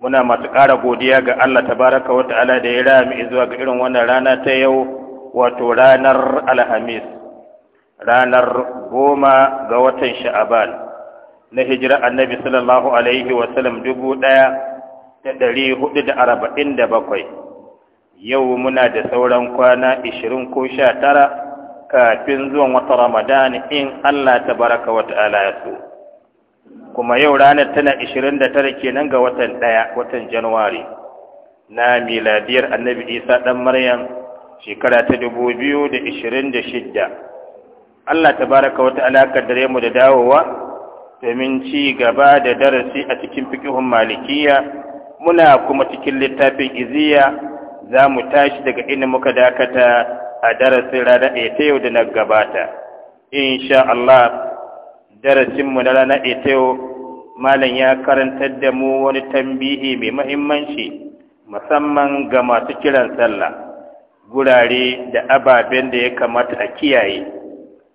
muna masu ƙara godiya ga Allah tabaraka wa ta'ala da ya rami zuwa ga irin wannan rana ta yau wato ranar alhamis ranar goma ga watan sha'aban na hijira annabi sallallahu alaihi wasallam dubu ɗaya da ɗari hudu da arba'in da bakwai yau muna da sauran kwana ishirin ko sha tara kafin zuwan wata ramadan in Allah tabaraka wa ta'ala ya so kuma yau ranar tana 29 kenan ga watan ɗaya watan januwari na miladiyar annabi isa ɗan maryam shekara ta 2026 allah ta baraka wata alaƙar dare mu da dawowa domin ci gaba da darasi a cikin fikihun malikiya muna kuma cikin littafin iziya za mu tashi daga inda muka dakata a darasin rana ɗaya ta yau da na gabata insha Allah darasinmu na rana ita malam ya karantar da mu wani tambihi mai mahimmanci musamman ga masu kiran sallah gurare da ababen da ya kamata a kiyaye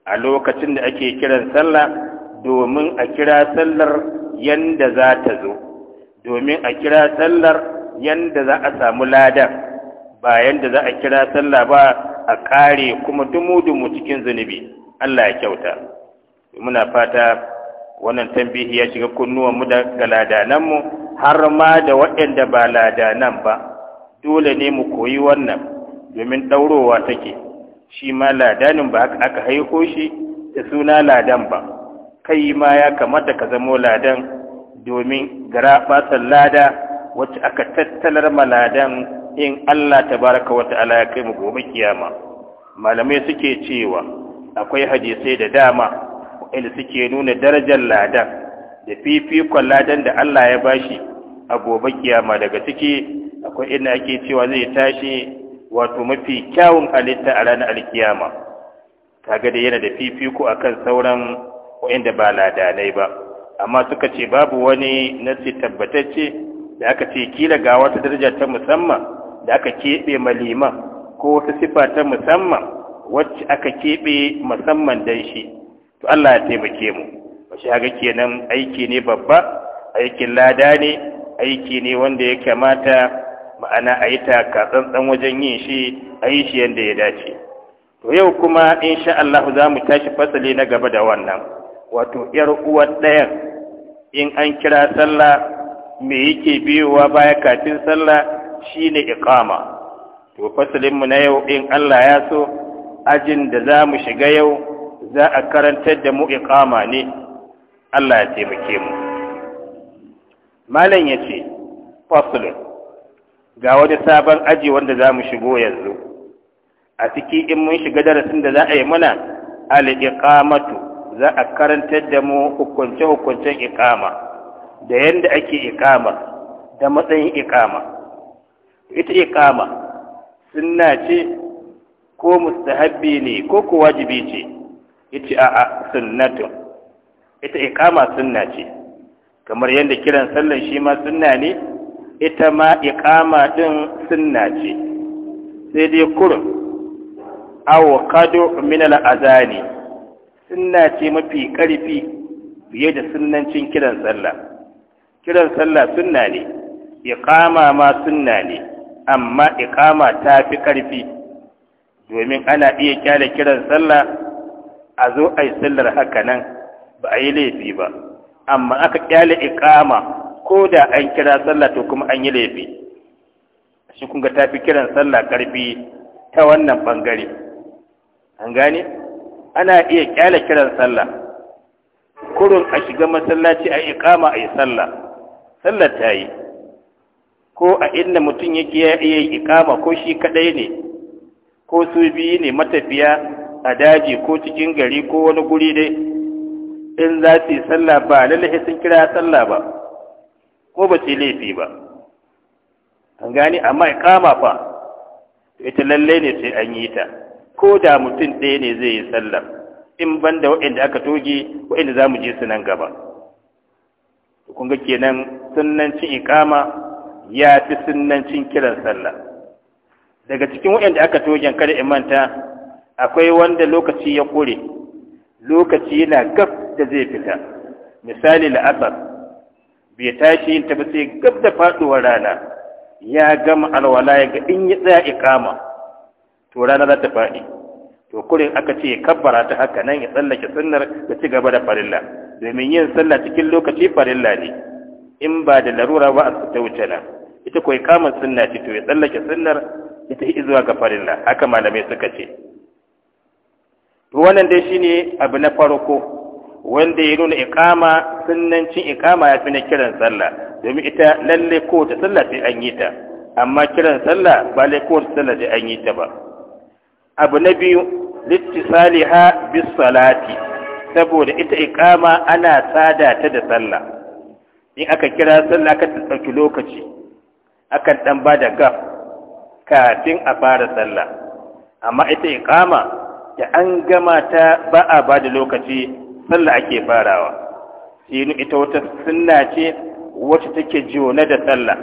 a lokacin da ake kiran sallah domin a kira sallar yanda za ta zo domin a kira sallar yanda za a samu ladan ba yanda za a kira sallah ba a kare kuma dumu-dumu cikin zunubi Allah ya kyauta muna fata wannan tambihi ya shiga kunnuwan mu daga ladanan mu har ma da waɗanda ba ladanan ba dole ne mu koyi wannan domin ɗaurowa take shi ma ladanin ba aka haiko shi da suna ladan ba kai ma ya kamata ka zamo ladan domin gara basan lada wacce aka tattalar maladan in Allah tabaraka wa ta'ala ya kai mu gobe kiyama malamai suke cewa akwai hadisai da dama inda suke nuna darajar ladan da fifikon ladan da Allah ya bashi a gobe kiyama daga ciki akwai inda ake cewa zai tashi wato mafi kyawun halitta a ranar alkiyama kaga da yana da fifiko akan sauran waɗanda ba ladanai ba amma suka ce babu wani nasi tabbatacce da aka ce kila ga wata daraja ta musamman da aka keɓe ma ko wata sifa ta musamman wacce aka keɓe musamman dan shi to Allah ya taimake mu shi haka kenan aiki ne babba aikin lada ne aiki ne wanda ya kamata ma'ana a yi taka tsantsan wajen yin shi a yi shi yadda ya dace to yau kuma insha Allah za mu tashi fasali na gaba da wannan wato yar uwar ɗayan in an kira sallah me yake biyowa baya kafin sallah shine iqama to fasalin mu na yau in Allah ya so ajin da za mu shiga yau za a karantar da mu iqama ne Allah ya taimake mu malam yace faslun ga wani sabon aji wanda za mu shigo yanzu a ciki in mun shiga darasin da za a yi muna al-iqamatu za a karantar da mu hukunce-hukuncen iqama da yadda ake iqama da matsayin iqama ita iqama sunna ce ko mustahabbi ne ko ko wajibi ce yace a'a sunnatu ita iqama sunna ce kamar yadda kiran sallan shi ma sunna ne ita ma iqama din sunna ce sai dai kurun. aw qadu min al-azani sunna ce mafi karfi fiye da sunnancin kiran sallah kiran sallah sunna ne iqama ma sunna ne amma iqama ta fi karfi domin ana iya kyale kiran sallah a zo a yi sallar haka nan ba a yi laifi ba amma aka kyale ikama. ko da an kira sallah to kuma an yi laifi shi kun ga tafi kiran sallah karfi ta wannan bangare an gane ana iya kyale kiran sallah kurun a shiga masallaci a ikama a yi sallah Sallah ta yi ko a inda mutum yake ya iya ikama ko shi kadai ne ko su biyu ne matafiya a daji ko cikin gari ko wani guri dai in za su yi sallah ba lallai sun kira sallah ba ko ba su laifi ba an gani amma kama fa ita lallai ne sai an yi ta ko da mutum ɗaya ne zai yi sallah in ban da waɗanda aka toge waɗanda za mu je su nan gaba kun ga kenan sunnancin ikama ya fi sunnancin kiran sallah daga cikin waɗanda aka togen kada in manta akwai wanda lokaci ya kure lokaci yana gab da zai fita misali la'asar bai tashi yin tafi sai gab da faɗuwar rana ya gama alwala ya ga in yi tsaya ikama to rana za ta faɗi to kurin aka ce ya kabbara ta haka nan ya tsallake sunnar da ci gaba da farilla domin yin sallah cikin lokaci farilla ne in ba da larura ba a ta wuce nan ita kuwa ikama sunna ce to ya tsallake sunnar ita yi zuwa ga farilla haka malamai suka ce to wannan dai shine abu na farko wanda ya nuna iqama sunnancin iqama ya fi na kiran sallah domin ita lalle ko ta sallah sai an yi ta amma kiran sallah ba lalle ko ta sallah sai an yi ta ba abu na biyu littisaliha bis salati saboda ita iqama ana sada ta da sallah in aka kira sallah aka tsaki lokaci akan dan bada gaf kafin a fara sallah amma ita iqama da an gama ta ba a ba da lokaci sallah ake farawa sinu ita wata sunna ce wacce take jona da sallah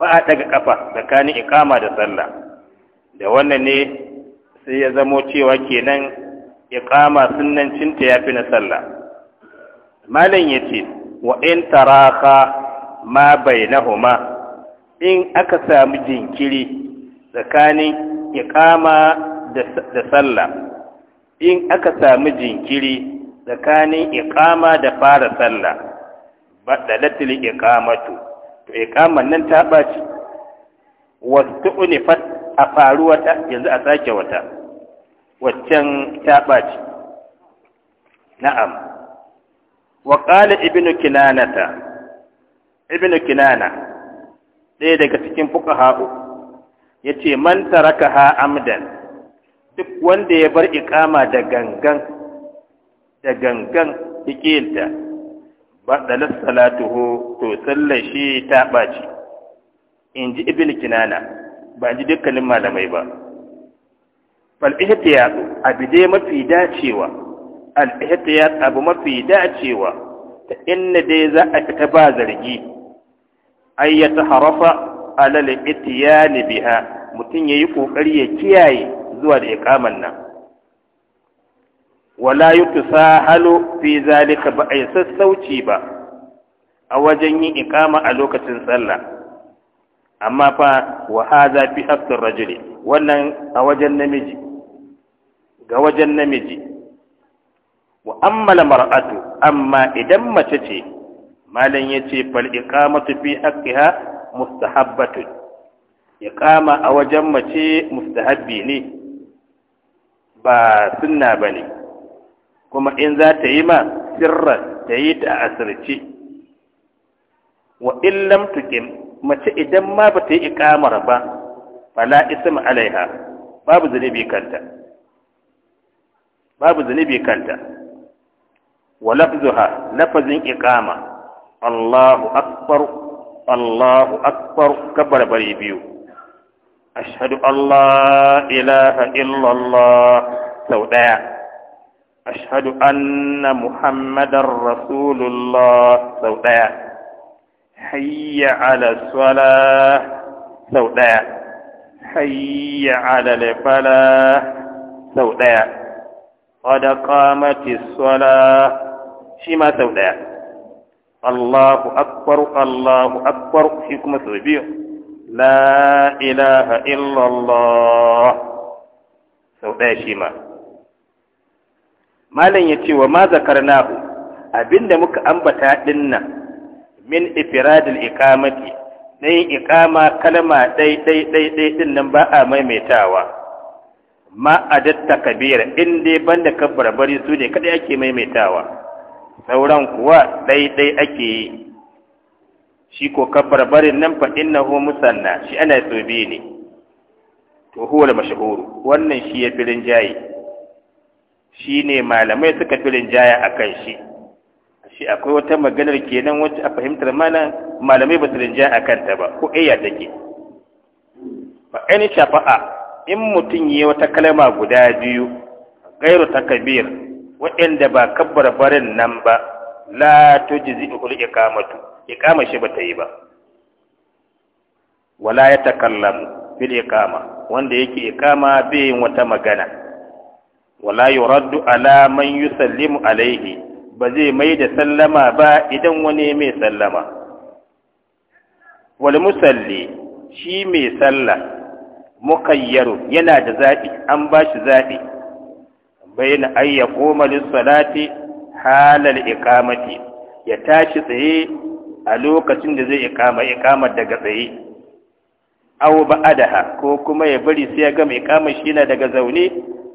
ba a daga kafa tsakanin ikama da sallah da wannan ne sai ya zamo cewa kenan sunnan cinta yafi na sallah malam yace wa in taraka ma bainahuma in aka samu jinkiri tsakanin iƙama. da sallah in aka sami jinkiri tsakanin iqama da fara sallah ba da latili iqamatu to iqaman nan ta baci wasu unifat a faru wata yanzu a sake wata waccan ta baci na'am wa qala ibnu kinanata ibnu kinana ɗaya daga cikin fuqaha'u yace man ha amdan duk wanda ya bar ikama da gangan da gangan ikilta da salatuhu to sallar shi ta ɓaci in ji ibn kinana ba ji dukkanin malamai ba fal'ihtiyatu abu dai mafi dacewa al'ihtiyat abu mafi dacewa ta inna dai za a fita ba zargi ayyata harafa alal itiyani biha mutum yayi kokari ya kiyaye zuwa da iqaman nan wala yusahalu fi zalika ba yi sassauci ba a wajen yin ikama a lokacin sallah amma fa wa hadha fi haqqir rajuli wannan a wajen namiji ga wajen namiji wa ammal mar'atu amma idan mace ce malam yace fal iqamatu fi haqqiha mustahabbatun iqama a wajen mace mustahabbi ne ba sunna ba ne kuma in za ta yi ma sirrar ta yi ta a wa illam tukin mace idan ma ba ta yi ikamar ba fala isa alaiha babu zunubi kanta babu zunubi kanta wa lafzuha lafazin iqama Allahu akbar Allahu akbar kabar bari biyu أشهد أن لا إله إلا الله سوداء أشهد أن محمد رسول الله سوداء حي على الصلاة سوداء حي على الفلاة سوداء قد قامت الصلاة شما سوداء الله أكبر الله أكبر فيكم سبيل la ilaha illallah sau ɗaya shi ma malam ya ce wa ma zakarnahu abinda muka ambata dinnan min ifradil iqamati dai ikama kalma dai dai dai dai nan ba a maimaitawa ma adatta kabira in dai banda kabbara bari su ne kada ake maimaitawa sauran kuwa ɗai-ɗai dai ake yi shi ko kabbar barin nan fa huwa musanna shi ana tsobe ne to huwa al-mashhur wannan shi ya filin jayi shine malamai suka filin jaya akan shi shi akwai wata maganar kenan wacce a fahimtar mana malamai ba su rinja a kanta ba ko iya eh take ba ainihin shafa'a in mutum yi wata kalma guda biyu gairu Kabir, waɗanda ba kabbar barin nan ba la tujzi ul iqamatu iqama shi bata yi ba wala ya takallam fil iqama wanda yake iqama bai yin wata magana wala yuraddu ala man yusallimu alaihi ba zai mai da sallama ba idan wani mai sallama wal musalli shi mai sallah mukayyaru yana da zaɓi an ba shi zaɓi bayan ayya koma lissalati halal iqamati ya tashi tsaye a lokacin da zai ikama ikamar daga tsaye aw ba'adaha ko kuma ya bari sai ya gama ikama shi na daga zaune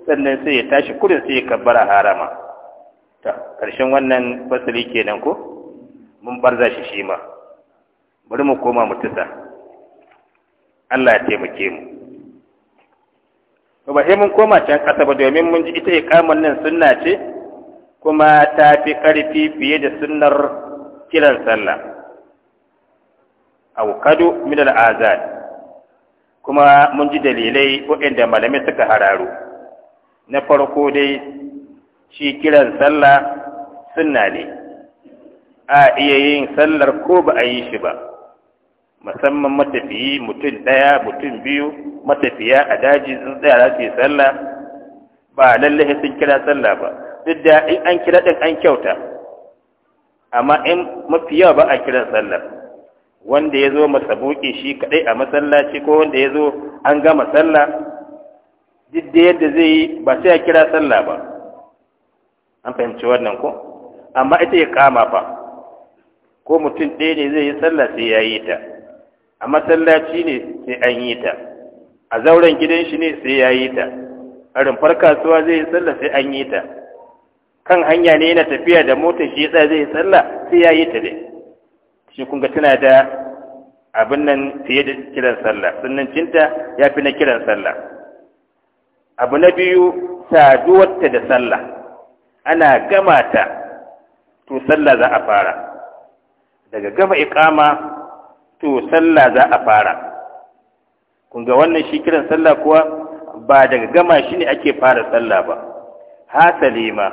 sannan sai ya tashi kurin sai ya kabbara harama ta karshen wannan fasali kenan ko mun barza shi shi ma bari mu koma mu tisa Allah ya taimake mu ba sai mun koma can kasa ba domin mun ji ita ikamar nan sunna ce kuma ta fi ƙarfi fiye da sunnar kiran sallah auqadu min al-azan kuma mun ji dalilai waɗanda malamai suka hararu. na farko dai shi kiran sallah sunna ne a iya yin sallar ko ba a yi shi ba musamman matafiyi mutum ɗaya mutum biyu matafiya a daji sun tsaya za su yi sallah ba lallai sun kira sallah ba duk da in an kira ɗin an kyauta amma in mafi yawa ba a kiran sallah wanda ya zo masabuki shi kaɗai a masallaci ko wanda ya zo an gama sallah duk da yadda zai yi ba sai a kira sallah ba an fahimci wannan ko amma ita ya kama fa ko mutum ɗaya ne zai yi sallah sai ya yi ta a masallaci ne sai an yi ta a zauren gidan shi ne sai ya yi ta a rumfar kasuwa zai yi sallah sai an yi ta kan hanya ne yana tafiya da motar shi tsaya zai yi sallah sai ya yi ta dai shi kun ga tana da abin nan fiye da kiran sallah cinta ya fi na kiran sallah abu na biyu saduwarta da sallah ana gama ta to sallah za a fara daga gama iqama to sallah za a fara kun ga wannan shi kiran sallah kuwa ba daga gama shi ne ake fara sallah ba hasali ma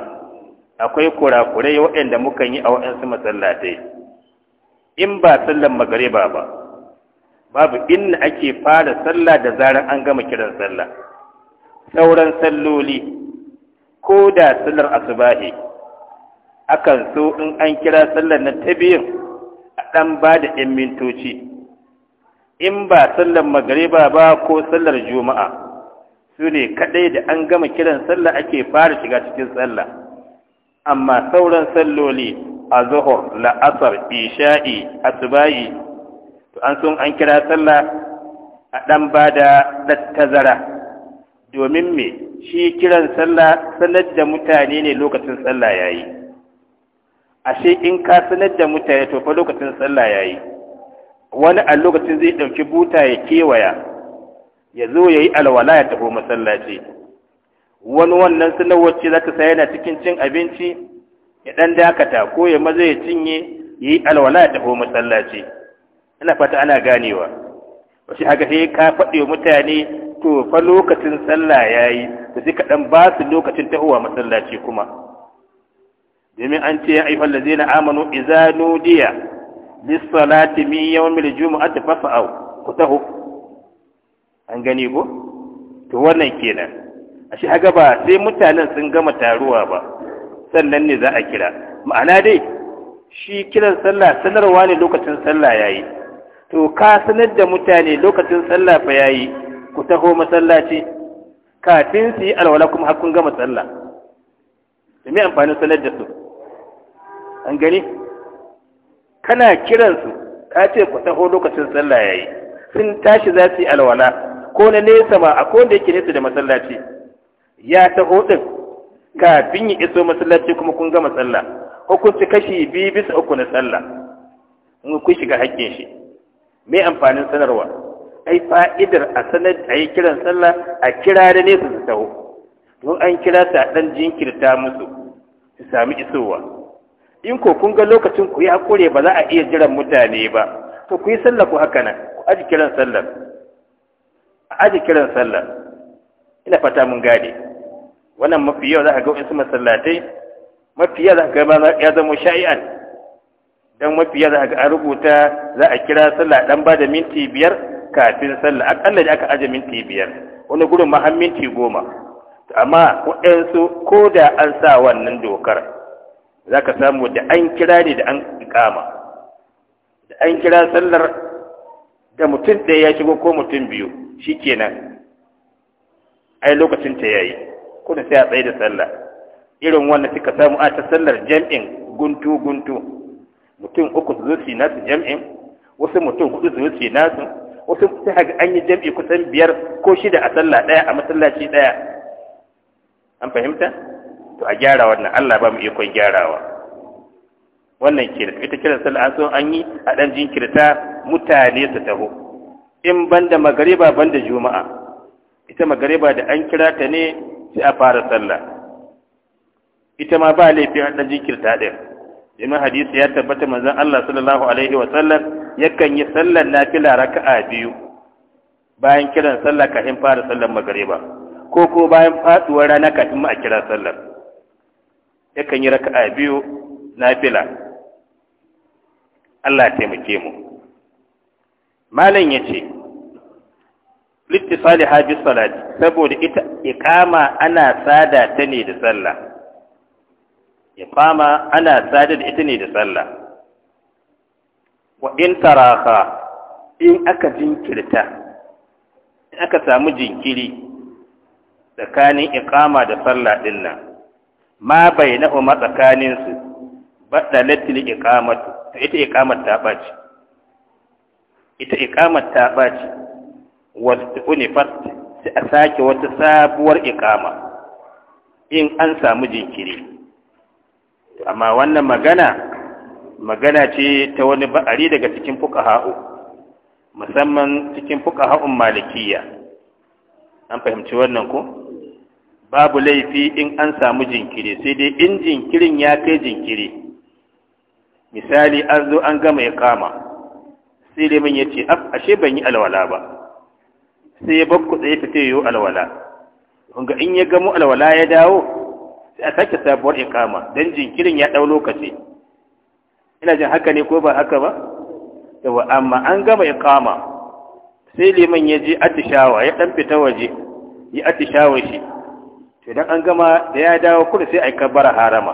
akwai kurakurai waɗanda mukan yi a waɗansu masallatai in ba sallan magariba ba babu inda ake fara sallah da zarar an gama kiran sallah sauran salloli ko da sallar asubahi akan so in an kira sallar na ta a ɗan ba da ‘yan mintoci in ba sallar magariba ba ko sallar juma'a su ne kaɗai da an gama kiran sallah ake fara shiga cikin sallah amma sauran salloli azuhur la'asar isha'i asubayi to an sun an kira sallah a ɗan bada da tazara domin me shi kiran sallah sanar da mutane ne lokacin sallah yayi ashe in ka sanar da mutane to fa lokacin sallah yayi wani a lokacin zai ɗauki buta ya kewaya ya zo ya yi alwala ya tafi masallaci wani wannan sanarwar ce za ta sa yana cikin cin abinci ya ɗan dakata ko ya maza ya cinye ya yi alwala ya tafi masallaci ina fata ana ganewa wasu haka sai ka faɗi mutane to fa lokacin sallah ya yi da sai kaɗan ba su lokacin tahowa masallaci kuma domin an ce ya da ladzina amanu iza nudiya lis-salati min ta fasa au ku taho an gani ko to wannan kenan ashe haka ba sai mutanen sun gama taruwa ba sannan ne za a kira ma'ana dai shi kiran sallah sanarwa ne lokacin sallah yayi to ka sanar da mutane lokacin sallah fa yayi ku taho masallaci kafin su yi alwala kuma har kun gama sallah Su me amfanin sanar da su an gani kana kiran su ka ce ku taho lokacin sallah yayi sun tashi za su yi alwala ko na nesa ba a ko da yake nesa da masallaci ya taho din kafin yi iso masallaci kuma kun gama sallah hukunci kashi biyu bisa uku na sallah in kun shiga haƙƙin shi me amfanin sanarwa ai fa'idar a sanar a yi kiran sallah a kira da nesa su taho don an kira ta dan jinkirta musu su sami isowa in ko kun ga lokacin ku ya kore ba za a iya jiran mutane ba to ku yi sallah ku haka nan ku aji kiran sallah aji kiran sallah ina fata mun gade. wannan mafi yau za ka ga wasu masallatai mafi yau za ka ga ya zama sha'i'an dan mafi yau za ka ga an rubuta za a kira sallah dan ba da minti biyar kafin sallah akalla da aka aje minti biyar wani gurin ma har minti goma amma waɗansu ko da an sa wannan dokar za ka samu da an kira ne da an kama da an kira sallar da mutum ɗaya ya shigo ko mutum biyu shi kenan ai lokacin ta yayi kuna sai a tsaye da sallah irin wannan suka samu a ta sallar jam'in guntu guntu mutum uku su zuci nasu jam'in wasu mutum hudu su zuci nasu wasu sai haka an yi jam'i kusan biyar ko shida a sallah ɗaya a masallaci ɗaya an fahimta to a gyara wannan Allah ba mu ikon gyarawa wannan kira ita kiran sallah an so an yi a dan jinkirta mutane su taho in banda magariba banda juma'a ita magariba da an kira ta ne sai a fara sallah ita ma ba laifin a jinkirta ɗin domin hadisi ya tabbata manzon Allah sallallahu alaihi wa sallam yakan yi sallar nafila raka'a biyu bayan kiran sallah kafin fara sallar magariba ko ko bayan faduwar rana kafin ma a kira sallar yakan yi raka'a biyu nafila Allah ya taimake mu malam yace littisali hajji salati saboda ita iqama ana sada ta ne da sallah iqama ana sada da ita ne da sallah wa in taraha in aka jinkirta in aka samu jinkiri tsakanin iqama da sallah din nan ma bainahuma tsakanin su badalatil iqamatu ita iqamat ta bace. ita iqamat ta baci Wasu unifat sai a sake wata sabuwar ikama in an samu jinkiri amma wannan magana magana ce ta wani ba'ari daga cikin fuka ha'u musamman cikin fuka ha'un malikiya an fahimci wannan ko babu laifi in an samu jinkiri sai dai in jinkirin ya kai jinkiri misali an zo an gama ya kama sai liman ya ce ashe ban yi alwala ba sai ya bakku tsaye fita yiwu alwala kunga in ya gamo alwala ya dawo sai a sake sabuwar ikama don jinkirin ya ɗau lokaci ina jin haka ne ko ba haka ba yawa amma an gama ikama sai liman ya je atishawa ya ɗan fita waje ya atishawa shi to idan an gama da ya dawo kudu sai a yi kabbara harama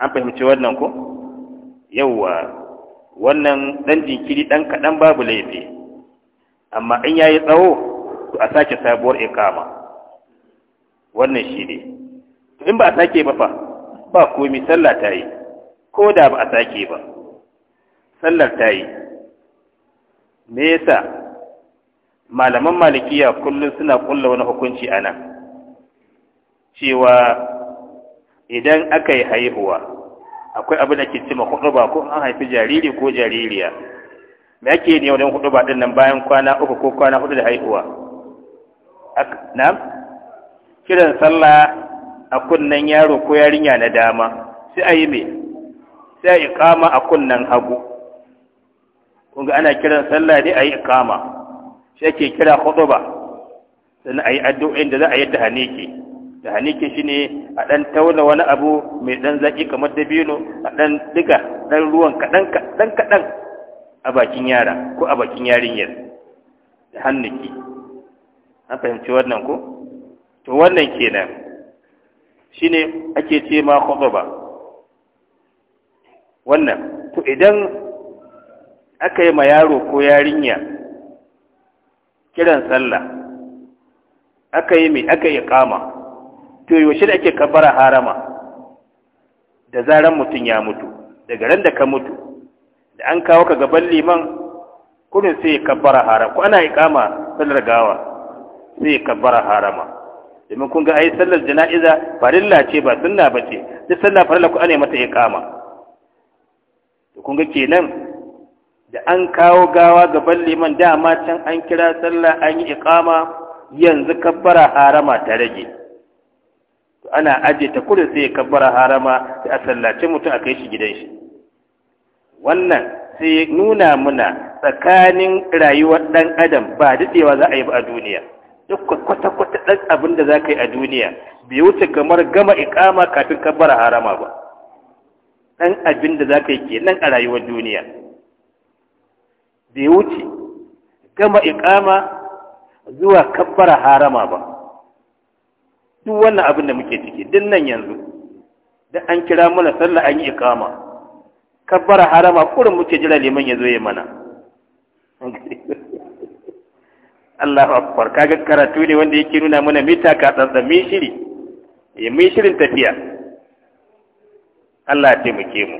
an fahimci wannan ko yawwa wannan ɗan jinkiri ɗan kaɗan babu laifi amma in ya yi tsawo to a sake sabuwar ikama wannan shi ne in ba a sake ba fa ba komi sallah ta yi ko da ba a sake ba sallar ta yi me yasa malaman malikiya kullum suna kulla wani hukunci a nan cewa idan aka yi haihuwa akwai abin da ke cima hudu ba ko an haifi jariri ko jaririya me ake ne wajen hudu ba nan bayan kwana uku ko kwana hudu da haihuwa na? kiran sallah a kunnen yaro ko yarinya na dama sai a yi me sai a iqama a kunnen hagu kun ga ana kiran sallah ne a yi iqama shi ake kira ba sannan a yi addu'o'in da za a yi da haniki da haniki shine a ɗan tauna wani abu mai ɗan zaƙi kamar dabino a ɗan diga ɗan ruwan kaɗan kaɗan kaɗan a bakin yara ko a bakin yarinyar da hannuki an fahimci wannan ko to wannan kenan shine ake ce ma ba wannan to idan aka yi ma yaro ko yarinya kiran sallah aka yi mai aka yi kama to yaushe da ake kabbara harama da zaran mutum ya mutu daga ran da ka mutu da an kawo ka gaban liman kurin sai ya kabbara haram ko ana iqama sallar gawa sai ya kabbara harama domin kun ga ai sallar jana'iza farilla ce ba sunna bace duk sallar farilla ku ana mata iqama to kun ga kenan da an kawo gawa gaban liman dama can an kira sallah an yi iqama yanzu kabbara harama ta rage ana aje ta kudu sai kabbara harama sai a sallace mutum a kai shi gidan shi wannan sai nuna muna tsakanin rayuwar ɗan adam ba daɗewa za a yi ba a duniya duk kwata-kwata ɗan abin da za ka yi a duniya bai wuce kamar gama ikama kafin ka bara harama ba ɗan abin da za ka yi ke nan a rayuwar duniya bai wuce gama ikama zuwa ka bara harama ba duk wannan abin da muke ciki din nan yanzu da an kira mana sallah an yi ikama kabbara harama kurin muke jira liman ya zo ya mana Allahu akbar kaga karatu ne wanda yake nuna mana mita ka tsatsa mi shiri ya eh, mi shirin tafiya Allah ya taimake mu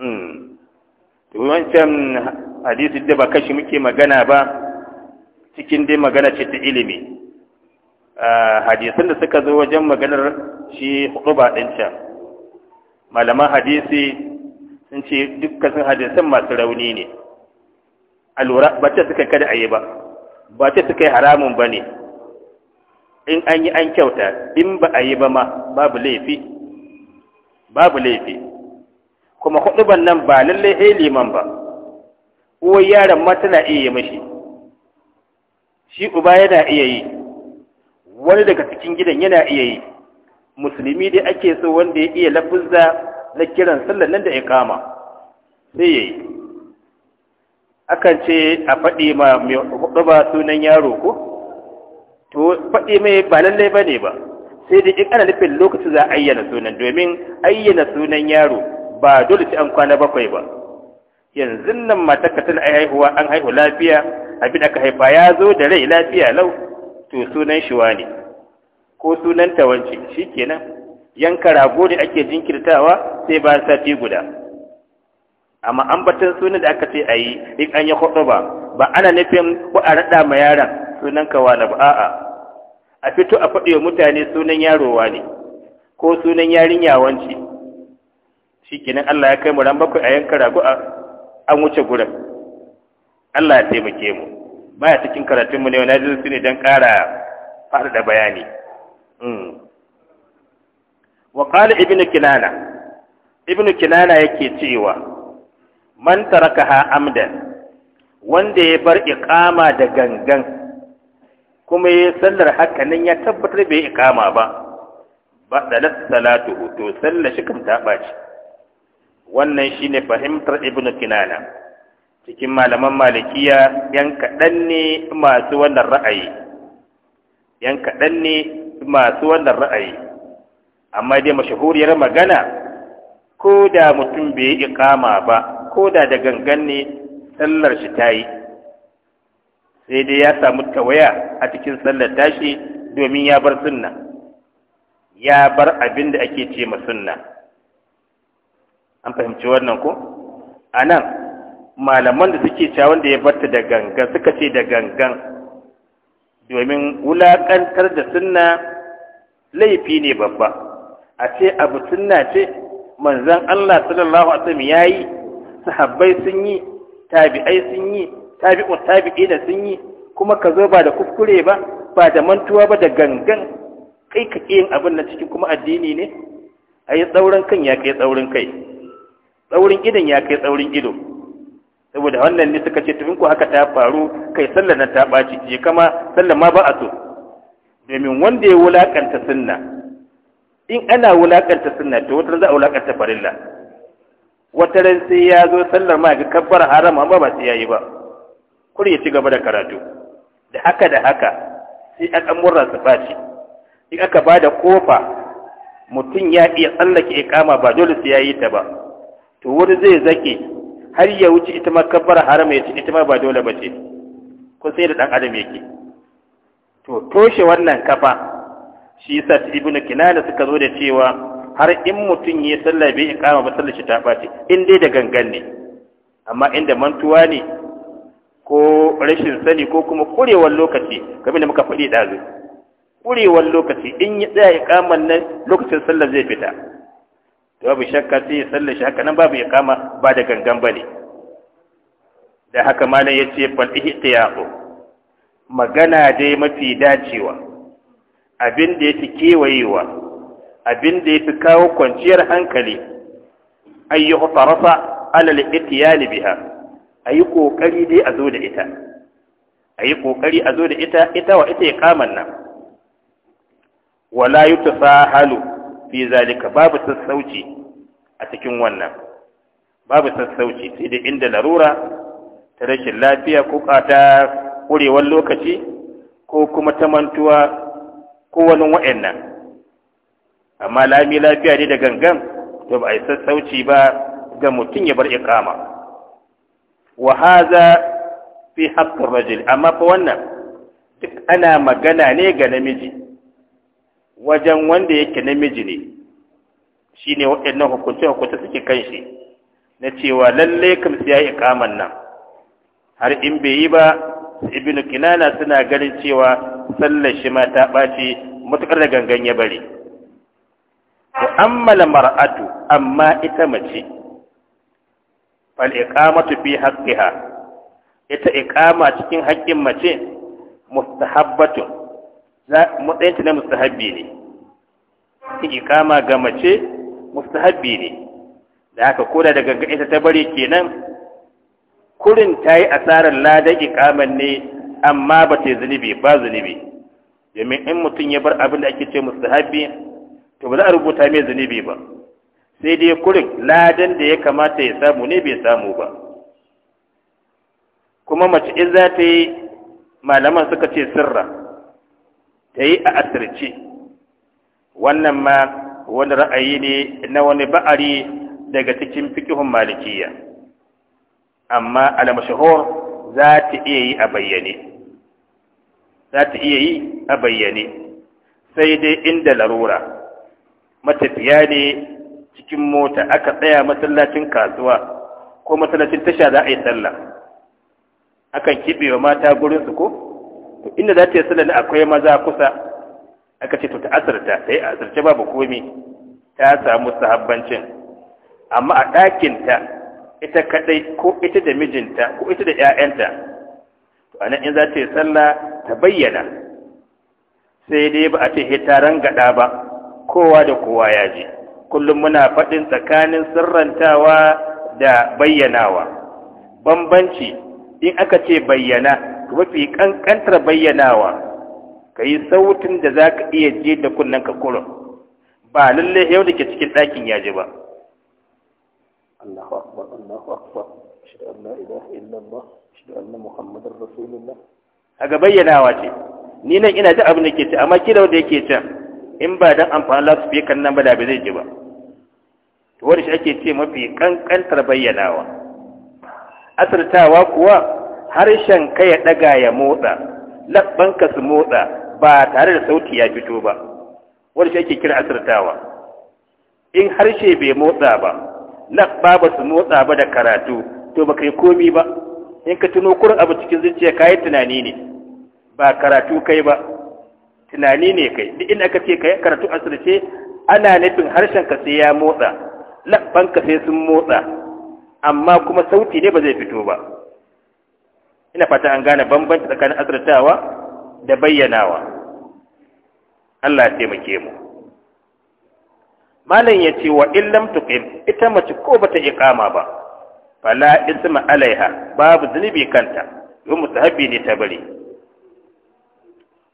hmm. to wancan hadisi da ba kashi muke magana ba cikin dai magana ce ta ilimi ah, hadisan da suka zo wajen maganar shi hudu ba ɗin can malaman hadisi sun ce dukkan sun hadisan masu rauni ne a lura ba ce suka kada a yi ba ba ce suka yi haramun ba ne in an yi an kyauta in ba a yi ba ma babu laifi babu laifi kuma huduban nan ba lallai sai liman ba uwa yaron ma tana iya mashi shi uba yana iya yi wani daga cikin gidan yana iya yi musulmi dai ake so wanda ya iya lafuzza na kiran sallar nan da iqama sai yayi akan ce a faɗi ma mai ba sunan yaro ko to faɗi mai ba lallai ba ne ba sai dai in ana nufin lokacin za a ayyana sunan domin ayyana sunan yaro ba dole sai an kwana bakwai ba yanzu nan mata ka tana haihuwa an haihu lafiya abin aka haifa ya zo da rai lafiya lau to sunan shi ne ko sunan tawanci shikenan yanka rago da ake jinkirtawa sai ba sati guda amma ambaton sunan da aka ce a yi in an yi hudu ba ba ana nufin ko a raɗa ma yaran sunan ka wala ba a'a a fito a faɗi wa mutane sunan yarowa ne ko sunan yarinya wanci shikenan Allah ya kai mu ran bakwai a yanka rago a an wuce gurin Allah ya taimake mu baya cikin karatunmu ne wani su ne don ƙara faɗaɗa bayani hmm. wa Ibn ibnu kinana ibnu kinana yake cewa man tarakaha amdan wanda ya bar iqama da gangan kuma ya sallar hakanin ya tabbatar bai iqama ba ba dalat salatu to sallar shi kam ta baci wannan shine fahimtar ibnu kinana cikin malaman malikiya yan kadan ne masu wannan ra'ayi yan kadan ne masu wannan ra'ayi amma dai mashahuriyar magana ko da mutum bai yi ikama ba ko da da gangan ne sallar shi ta yi sai dai ya samu tawaya a cikin sallar tashi domin ya bar sunna ya bar abin da ake ce ma sunna an fahimci wannan ko a nan malaman da suke cewa wanda ya barta da gangan suka ce da gangan domin wulaƙantar da sunna laifi ne babba a ce abu sunna ce manzon Allah sallallahu alaihi wasallam yayi sahabbai sun yi tabi'ai sun yi tabi'u tabi'i da sun yi kuma ka zo ba da kuskure ba ba da mantuwa ba da gangan kai ka yin abin nan cikin kuma addini ne a yi kan ya kai tsaurin kai tsaurin gidan ya kai tsaurin ido saboda wannan ne suka ce tufin ku haka ta faru kai sallar nan ta ɓaci je kama sallar ma ba a so domin wanda ya wulakanta sunna in ana wulakanta sunna to wata za a wulakanta farilla wata ran sai ya zo sallar ma ga kabbar haram amma ba sai yayi ba kuri ya ci gaba da karatu da haka da haka sai murra su faci in aka ba da kofa mutum ya iya tsallake ikama ba dole sai yayi ta ba to wani zai zake har ya wuce ita ma kabbar haram ya ci ita ma ba dole ba ce ko sai da dan adam yake to toshe wannan kafa shi yasa ibnu kinana suka zo da cewa har in mutum ya sallah bai iqama ba sallah shi ta bace in dai da gangan ne amma inda mantuwa ne ko rashin sani ko kuma kurewar lokaci kamar da muka faɗi ɗazu kurewar lokaci in ya tsaya iqaman nan lokacin sallah zai fita To babu shakka sai ya sallah shi haka nan babu iqama ba da gangan bane da haka malam yace fal ihtiyaru magana dai mafi dacewa abin da yake kewayewa abin da yake kawo kwanciyar hankali ayyuhu tarafa alal itiyali biha ayi kokari dai a zo da ita ayi kokari a zo da ita ita wa ita ya kama nan wala yutasahalu fi zalika babu sassauci a cikin wannan babu sassauci sai da inda larura ta rashin lafiya ko ta kurewar lokaci ko kuma ta mantuwa ko wani wa'annan amma lami lafiya ne da gangan to ba a yi sassauci ba ga mutum ya bar ikama. wa haza fi haƙƙar rajul amma fa wannan duk ana magana ne ga namiji wajen wanda yake namiji ne Shi shine waɗannan hukunci hukunci suke kan shi na cewa lallai kam ya yi ikaman nan har in bai yi ba ibn kinana suna ganin cewa sallar shi ma ta ɓaci matuƙar da gangan ya bari to ammala mar'atu amma ita mace fal iqamatu fi haqqiha ita iqama cikin haƙƙin mace mu matsayinta ne mustahabbi ne iqama ga mace mustahabbi ne da haka koda da gangan ita ta bari kenan kurin ta yi asarar ladan ikaman ne amma ba ta yi zunubi ba zunubi domin in mutum ya bar abin da ake ce mustahabi to ba za a rubuta mai zunubi ba sai dai kurin ladan da ya kamata ya samu ne bai samu ba kuma mace in za ta yi malaman suka ce sirra ta yi a asirce wannan ma wani ra'ayi ne na wani ba'ari daga cikin fikihun malikiya amma al-mashhur za ta iya yi a bayyane za ta iya yi a bayyane sai dai inda larura matafiya ne cikin mota aka tsaya masallacin kasuwa ko masallacin tasha za a yi sallah akan kiɓe wa mata gurin su ko to inda za ta yi sallah akwai maza kusa aka ce to ta asirta ta yi asirce babu komi ta samu sahabbancin amma a ɗakinta ita kadai ko ita da mijinta ko ita da 'ya'yanta. to anan in za ta yi sallah ta bayyana sai dai ba a ce hitaran gada ba kowa da kowa ya je kullum muna faɗin tsakanin sirrantawa da bayyanawa bambanci in aka ce bayyana to mafi kankantar bayyanawa ka yi sautin da za ka iya je da kunnen ka ba lallai yau da ke cikin ɗakin ya ji ba الله أكبر الله أكبر أشهد ce ni nan ina ji abin da ke ci amma kila wanda yake can in ba dan amfani lasu fiye kan nan ba da ba zai ji ba to wani shi ake ce mafi kankantar bayyanawa asirtawa kuwa harshen ka ya daga ya motsa labbanka su motsa ba tare da sauti ya fito ba wani shi ake kira asartawa. in harshe bai motsa ba Na ba su motsa ba da karatu to ba kai komi ba in ka tuno kurin abu cikin zuciya ka yi tunani ne ba karatu kai ba tunani ne kai duk inda ka ce ka yi karatu sirce ana nufin harshen ka sai ya motsa labban ka sai sun motsa amma kuma sauti ne ba zai fito ba ina fata an gane bambanci tsakanin asirtawa da bayyanawa Allah ya taimake mu malam ya ce wa illam tuqim ita mace ko bata iqama ba fala isma alaiha babu zunubi kanta yu mutahabbi ne ta bari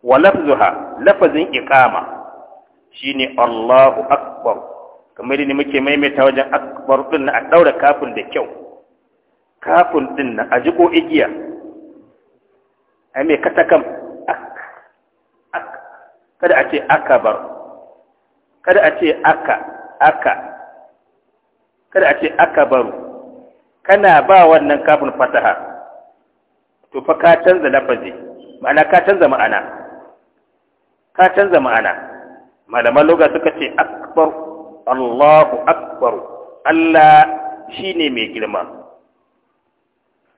wa lafzuha lafazin iqama shine Allahu akbar kamar ne muke maimaita wajen akbar din na daura kafin da kyau kafin din na ajiko igiya ai me katakam ak ak kada a ce akabar kada a ce aka aka kada a ce aka baro kana ba wannan kafin fataha to fa ka canza lafazi ma'ana ka canza ma'ana ka canza ma'ana malaman loga suka ce akbar Allahu akbar Allah shine mai girma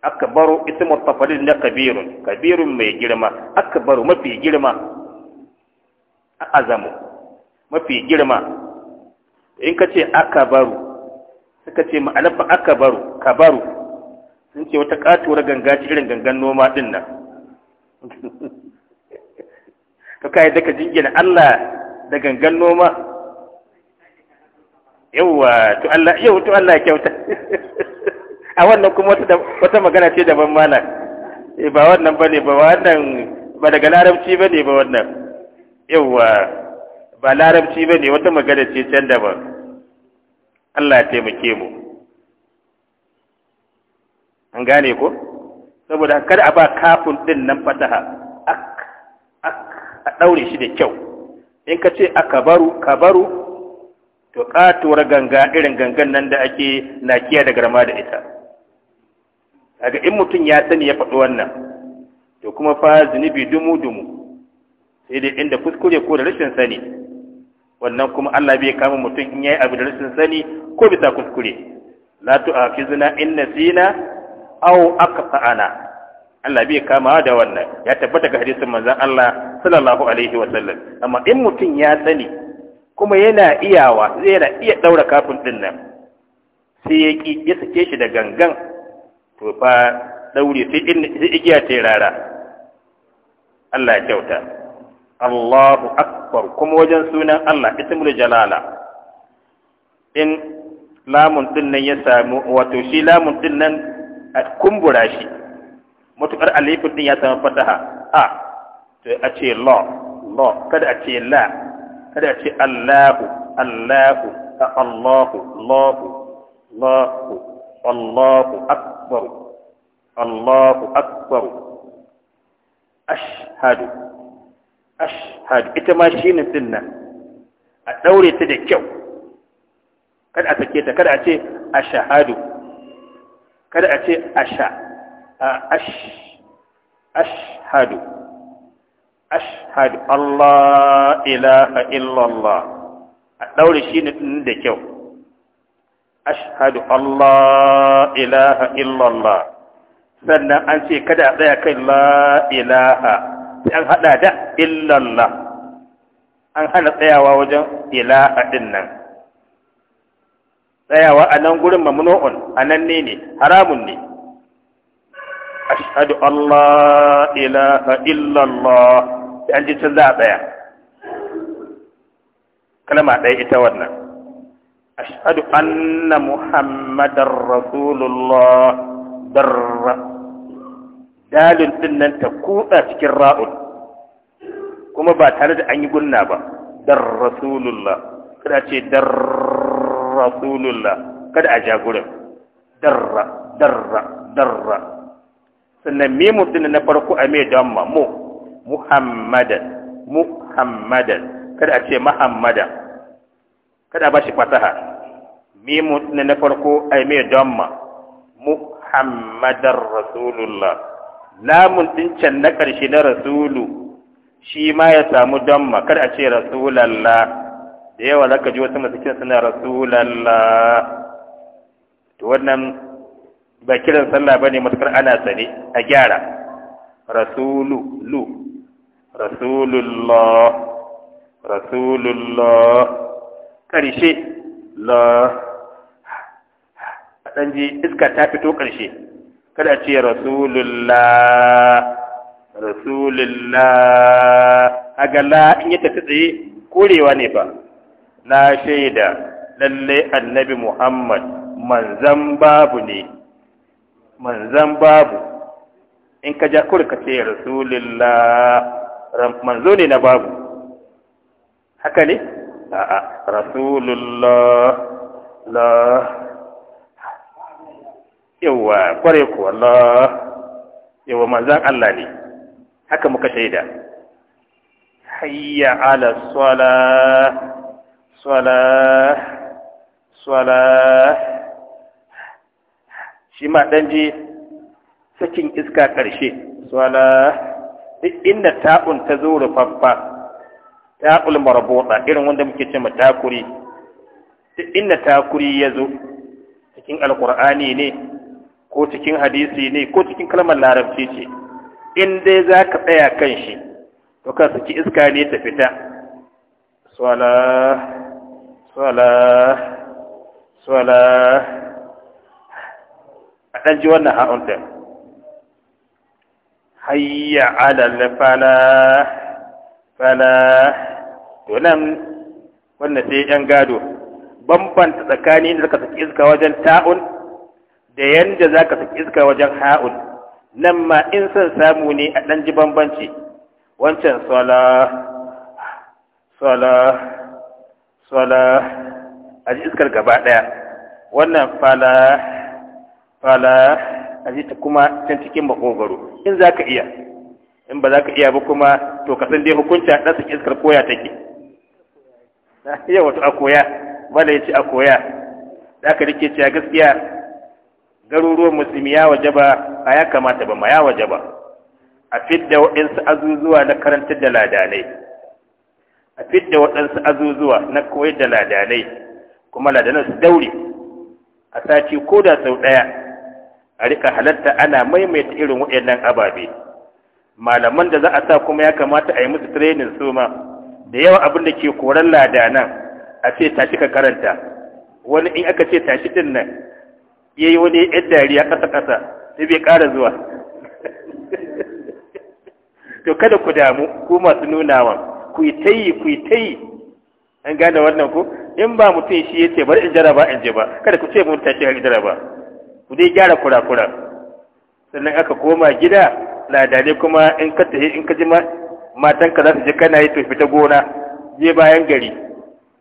akbar ismu tafadil na kabirun kabirun mai girma akbar mafi girma azamu mafi girma in ka ce akabaru suka ce ma'anar ba akabaru kabaru sun ce wata katuwar ganga irin gangan noma din nan ka kayi daga jingina Allah da gangan noma yawa to Allah yau to Allah ya kyauta a wannan kuma wata magana ce daban malam eh, ba wannan bane ba wannan ba daga larabci bane ba wannan yawa ba larabci ba ne wata magana ce can daban Allah ya taimake mu an gane ko saboda kar a ba kafin din nan fataha ak ak a daure shi da kyau in ka ce ka kabaru to katuwar ganga irin gangan nan da ake nakiya da garma da ita kaga in mutum ya sani ya faɗi wannan to kuma fa zunubi dumu dumu sai dai inda kuskure ko da rashin sani wannan kuma Allah bai kama mutum in yayi abu da rashin sani ko bisa kuskure la zina in nasina aw aqta'ana Allah bai kama da wannan ya tabbata ga hadisin manzon Allah sallallahu alaihi wa sallam amma in mutum ya sani kuma yana iyawa zai yana iya daura kafin din nan sai ya ki ya sake shi da gangan to fa daure sai in sai igiya ta rara Allah ya kyauta Allahu akbar kuma wajen sunan Allah ismul jalala in lamun din nan ya samu wato shi lamun din nan kumbura shi mutukar alifin din ya samu fataha a to a ce la la kada a ce la kada a ce Allahu Allahu Allahu Allahu Allahu Allahu akbar Allahu akbar ashhadu ashhad ita ma shi shine sunna a daure ta da kyau kada a sake ta kada a ce ashhadu kada a ce asha ash ashhadu ashhadu Allah ilaha illallah a daure shine da kyau ashhadu Allah ilaha illallah sannan an ce kada a tsaya kai la ilaha sai an haɗa da illallah an hana tsayawa wajen ila'a ɗin nan tsayawa a nan gurin mamnu'un a nan ne ne haramun ne ashhadu Allah ilaha illallah sai an ji can za a tsaya kalma ɗaya ita wannan A ashhadu anna muhammadar rasulullah darra dalin din nan ta kuɗa cikin ra'un kuma ba tare da an yi gunna ba dar rasulullah kada ce dar rasulullah kada a jagoran darra darra darra sannan mimun din na farko a mai damma mu muhammadan muhammadan kada a ce muhammadan kada ba shi fasaha mimun din na farko a mai damma muhammadan rasulullah lamun din can na ƙarshe na rasulu shi ma ya samu don makar a ce rasulallah da yawa zaka ji wasu kiran suna rasulallah to wannan ba kiran sallah bane matukar ana sane a gyara rasulu lu rasulullah rasulullah ƙarshe la a ɗanji iska ta fito ƙarshe. kada ce rasulullah rasulullah A la in yi tafi tsaye korewa ne ba na shaida lalle annabi muhammad manzan babu ne manzan babu in ka ja kuri ka ce rasulullah manzo ne na babu haka ne a'a rasulullah la yawa kware ku Allah yawa manzan Allah ne haka muka shaida hayya ala sala sala sala shi ma dan je sakin iska karshe sala duk inda ta'un ta zo rufaffa ta'ul marbuta irin wanda muke cewa takuri duk inda takuri ya zo cikin alqur'ani ne ko cikin hadisi ne ko cikin kalmar larabci ce in dai za ka tsaya kan shi to ka saki iska ne ta fita swala swala swala a ɗan ji wannan ha'unta hayya alal fala fala to nan wannan sai yan gado bambanta tsakanin da suka saki iska wajen ta'un da yanda za ka saki iska wajen ha'ul nan ma in son samu ne a ɗan ji bambanci wancan sola sola sola a ji iskar gaba ɗaya wannan fala fala a ji ta kuma can cikin makogaro in za ka iya in ba za ka iya ba kuma to ka san dai hukunta ɗan saki iskar koya take yau wato a koya bala ya ce a koya da aka rike cewa gaskiya garuruwan musulmi ya waje ba a ya kamata ba ma ya waje ba a fidda waɗansu azuzuwa na karantar da ladanai a fidda waɗansu azuzuwa na koyar da ladanai kuma ladanan su daure a sati ko da sau ɗaya a rika halatta ana maimaita irin waɗannan ababe malaman da za a sa kuma ya kamata a yi musu training su ma da yawa abin da ke koran ladanan a ce tashi ka karanta wani in aka ce tashi din nan ya yi wani yan dariya ƙasa ƙasa sai bai ƙara zuwa to kada ku damu ku masu nunawa ku yi tayi ku yi tayi an gane wannan ku in ba mutum shi ya ce bari in jaraba in je ba kada ku ce mun tashi in jaraba ku dai gyara kura sannan aka koma gida ladane kuma in ka tafi in ka ji matanka za su je kana yi to fita gona je bayan gari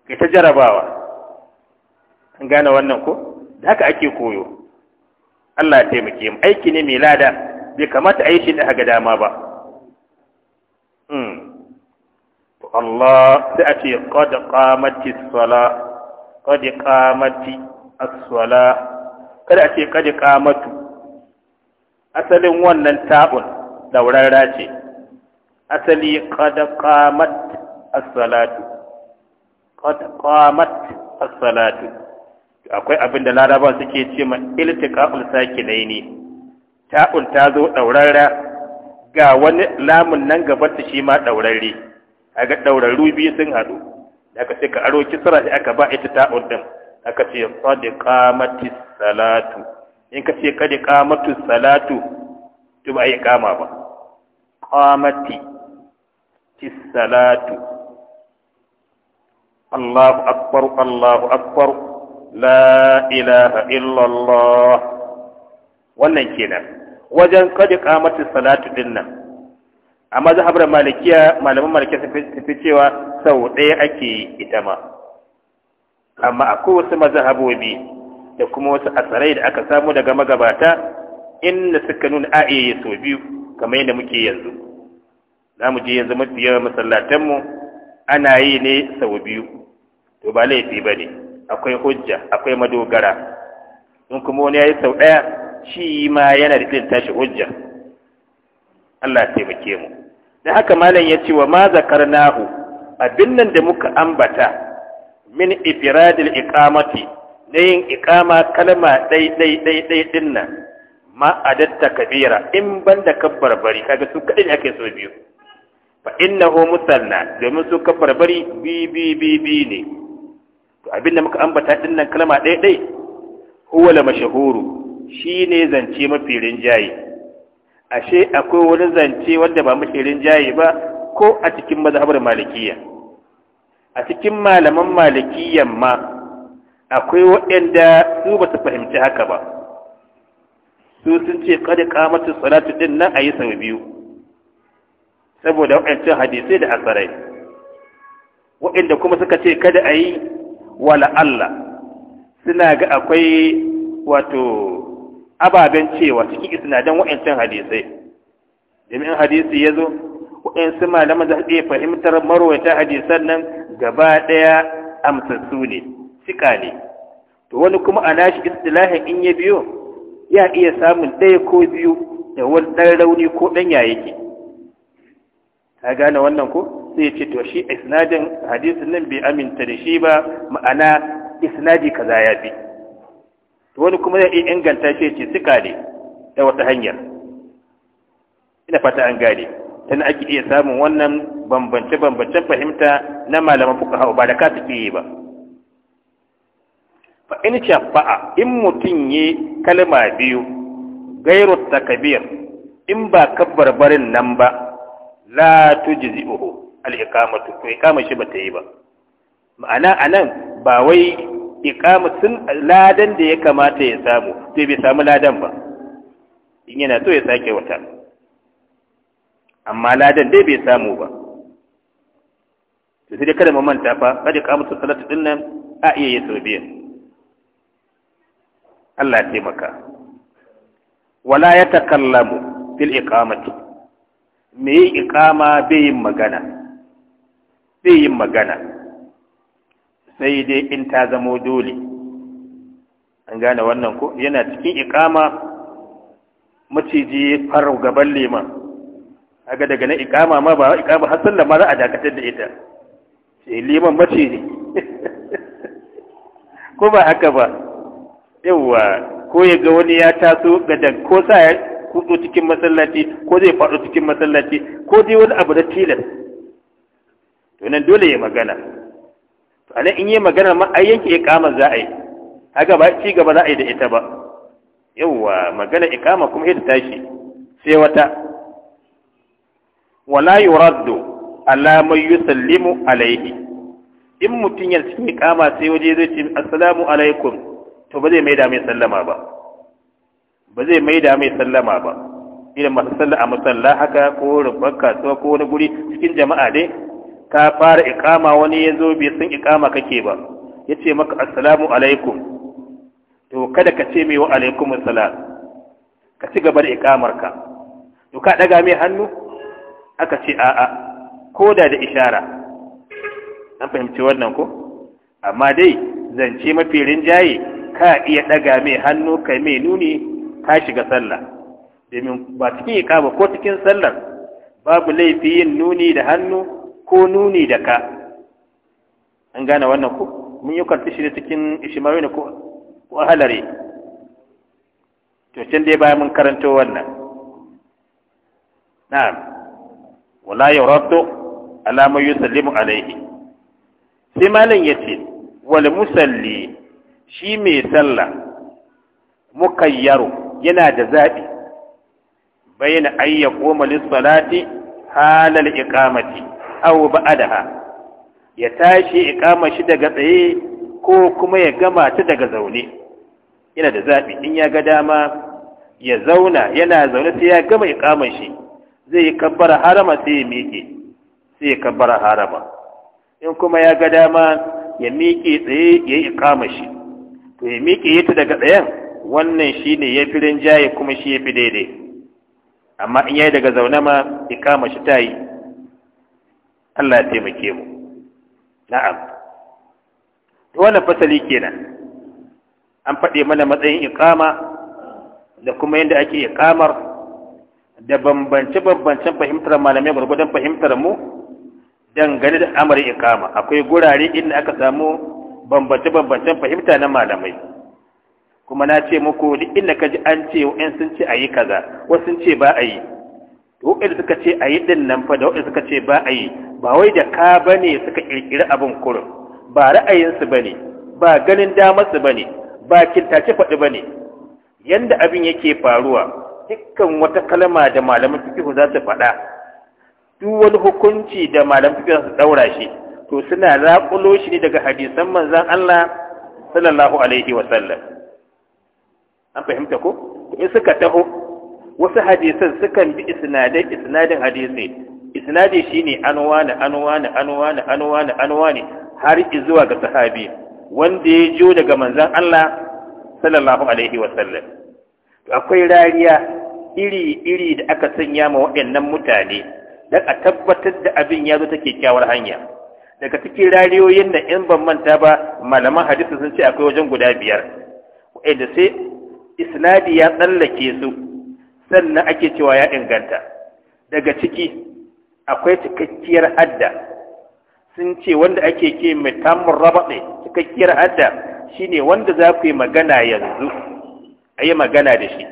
kai ta jarabawa an gane wannan ko da haka ake koyo Allah ya taimake mu aiki ne mai lada bai kamata a yi shi da haga dama ba hmm. Allah sai a ce qad qamati sala qad qamati as-sala kada a ce qad qamatu asalin wannan da daurara ce asali qad qamat as-salatu qad qamat as-salatu akwai abin da laraba suke ce ma iltiqa'ul sakinaini ta'un ta zo daurarra ga wani lamun nan gaba ta shi ma daurarre kaga daurarru biyu sun hadu daga sai ka aro kisra sai aka ba ita ta'un din aka ce qad qamatis salatu in ka ce qad qamatus salatu to ba yi kama ba qamati tis salatu Allahu akbar Allahu akbar la ilaha illallah wannan kenan wajen kaji kamatu salatu dinnan a mazhabar malikiya malaman malikiya sun fi cewa sau ɗaya ake ita ma amma akwai wasu mazhabobi da kuma wasu asarai da aka samu daga magabata inda suka nuna a'iyayya sau biyu kamar yadda muke yanzu za mu je yanzu mafi yawan masallatanmu ana yi ne sau biyu to ba laifi ba ne akwai hujja akwai madogara in kuma wani ya yi sau ɗaya shi ma yana da ɗin tashi hujja Allah taimake mu da haka malam ya ce wa ma nahu abin nan da muka ambata min ifiradil iqamati na yin iqama kalma ɗai ɗai ɗai ɗai ɗin nan ma adatta kabira in banda kabbar bari kaga su kaɗai ne ake so biyu fa innahu musanna domin su kabbar bari bi bi bi bi ne to abinda muka ambata dinnan kalma ɗaya ɗai huwa la mashahuru shine zance mafi rinjaye ashe akwai wani zance wanda ba mafi rinjaye ba ko a cikin mazhabar malikiya a cikin malaman malikiyan ma akwai waɗanda su ba su fahimci haka ba su sun ce kada kamatu salatu din nan ayi sau biyu saboda waɗancan hadisai da asarai waɗanda kuma suka ce kada a yi wala Allah suna ga akwai wato ababen cewa cikin isnadan wa'ancin hadisai domin hadisi ya zo wa'ansu malaman da haɗe fahimtar marwata hadisan nan gaba ɗaya amsassu ne cika ne to wani kuma a nashi istilahin in ya biyo ya iya samun ɗaya ko biyu da wani ɗan rauni ko ɗan ke. ka gane wannan ko sai ya ce to shi isnadin hadisin nan bai aminta da shi ba ma'ana isnadi kaza ya fi wani kuma zai iya inganta shi ce suka ne ta wata hanyar ina fata an gane tana ake iya samun wannan bambance-bambancen fahimta na malaman fuka ba da ka yi ba fa in shafa'a in mutum yi kalma biyu gairu takabir in ba barin nan ba la tujzi'uhu al-iqamatu to iqama shi bata yi ba ma'ana anan ba wai iqamatun ladan da ya kamata ya samu to bai samu ladan ba in yana so ya sake wata amma ladan dai bai samu ba to sai kada mu manta fa kada iqamatu salatu din nan a iya yi sau biyan. Allah ya taimaka wala yatakallamu fil iqamati me yi ikama bai yin magana bai yin magana sai dai in ta zamo dole an gane wannan ko yana cikin ikama maciji faru gaban liman aga daga na ikama ma ba ikama har sallah ma za a dakatar da ita sai liman maciji ko ba haka ba yauwa ko ya ga wani ya taso gadan ko sa kutso cikin masallaci ko zai faɗo cikin masallaci ko dai wani abu da tilas to nan dole ya magana to anan in yi magana ma ai yanke iqama za a yi haka ba ci gaba za a yi da ita ba yawwa magana iqama kuma ita tashi sai wata wala yuraddu ala man yusallimu Alayhi. in mutun ya cikin iqama sai waje zai ce assalamu alaikum to ba zai mai da mai sallama ba ba zai mai da mai sallama ba irin masu salla a musalla haka ko rubar kasuwa ko wani guri cikin jama'a dai ka fara ikama wani ya zo bai san ikama kake ba ya ce maka assalamu alaikum to kada ka ce mai wa alaikum salam ka ci gaba da ka to ka daga mai hannu aka ce a'a ko da da ishara an fahimci wannan ko amma dai zance mafi rinjaye ka iya daga mai hannu kai mai nuni ka shiga sallah domin ba cikin ba ko cikin sallar babu laifi yin nuni da hannu ko nuni da ka an gane wannan ku mun yi karfi shi cikin ne ko wahalare to can dai bayan mun karanto wannan na'am wala yuraddu ala man yusallimu alaihi sai malam yace wal musalli shi mai sallah mukayyaru yana da zaɓi na ayya koma lissalati halal iqamati aw ba'daha ya tashi iqama shi daga tsaye ko kuma ya gama ta daga zaune yana da zaɓi in ya ga dama ya zauna yana zaune sai ya gama iqaman shi zai yi kabbara harama sai ya miƙe sai ya kabbara harama in kuma ya ga dama ya miƙe tsaye ya yi iqama shi to ya miƙe ya ta daga tsayen wannan shi ne ya fi rinjaye kuma shi ya fi daidai amma in yayi daga zaune ma ikama shi ta yi Allah ya taimake mu na'am wannan fasali kenan an faɗe mana matsayin ikama da kuma yadda ake ikamar da bambance-bambancen fahimtar malamai gwargwadon fahimtar mu dangane da amarin ikama akwai gurare inda aka samu bambance-bambancen fahimta na malamai kuma na ce muku duk inda ka ji an ce wa'in sun ce a yi kaza wasu sun ce ba a yi wa'in suka ce a yi ɗin nan fa da wa'in suka ce ba a yi ba wai da ka ba ne suka ƙirƙiri abin kurin ba ra'ayinsu ba ne ba ganin damarsu ba ne ba kintace faɗi ba ne yanda abin yake faruwa dukkan wata kalma da malamin fikihu za su faɗa duk wani hukunci da malamin fikihu za su ɗaura shi to suna raƙulo shi ne daga hadisan manzan Allah sallallahu alaihi wa sallam an fahimta ko in suka taho wasu hadisan sukan bi isnadai isnadin hadisi. isnadi shine anwani-anwani-anwani-anwani-anwani har zuwa ga sahabi wanda ya jo daga manzon Allah sallallahu alaihi wa sallam akwai rariya iri iri da aka sanya ma waɗannan mutane dan a tabbatar da abin ya zo ta kyakkyawar hanya daga cikin rariyoyin da in ban manta ba malaman hadisi sun ce akwai wajen guda biyar wanda sai isnadi ya tsallake su sannan ake cewa ya inganta daga ciki akwai cikakkiyar hadda sun ce wanda ake ke mitamun rabaɗe cikakkiyar hadda shine wanda za ku yi magana yanzu a yi magana da shi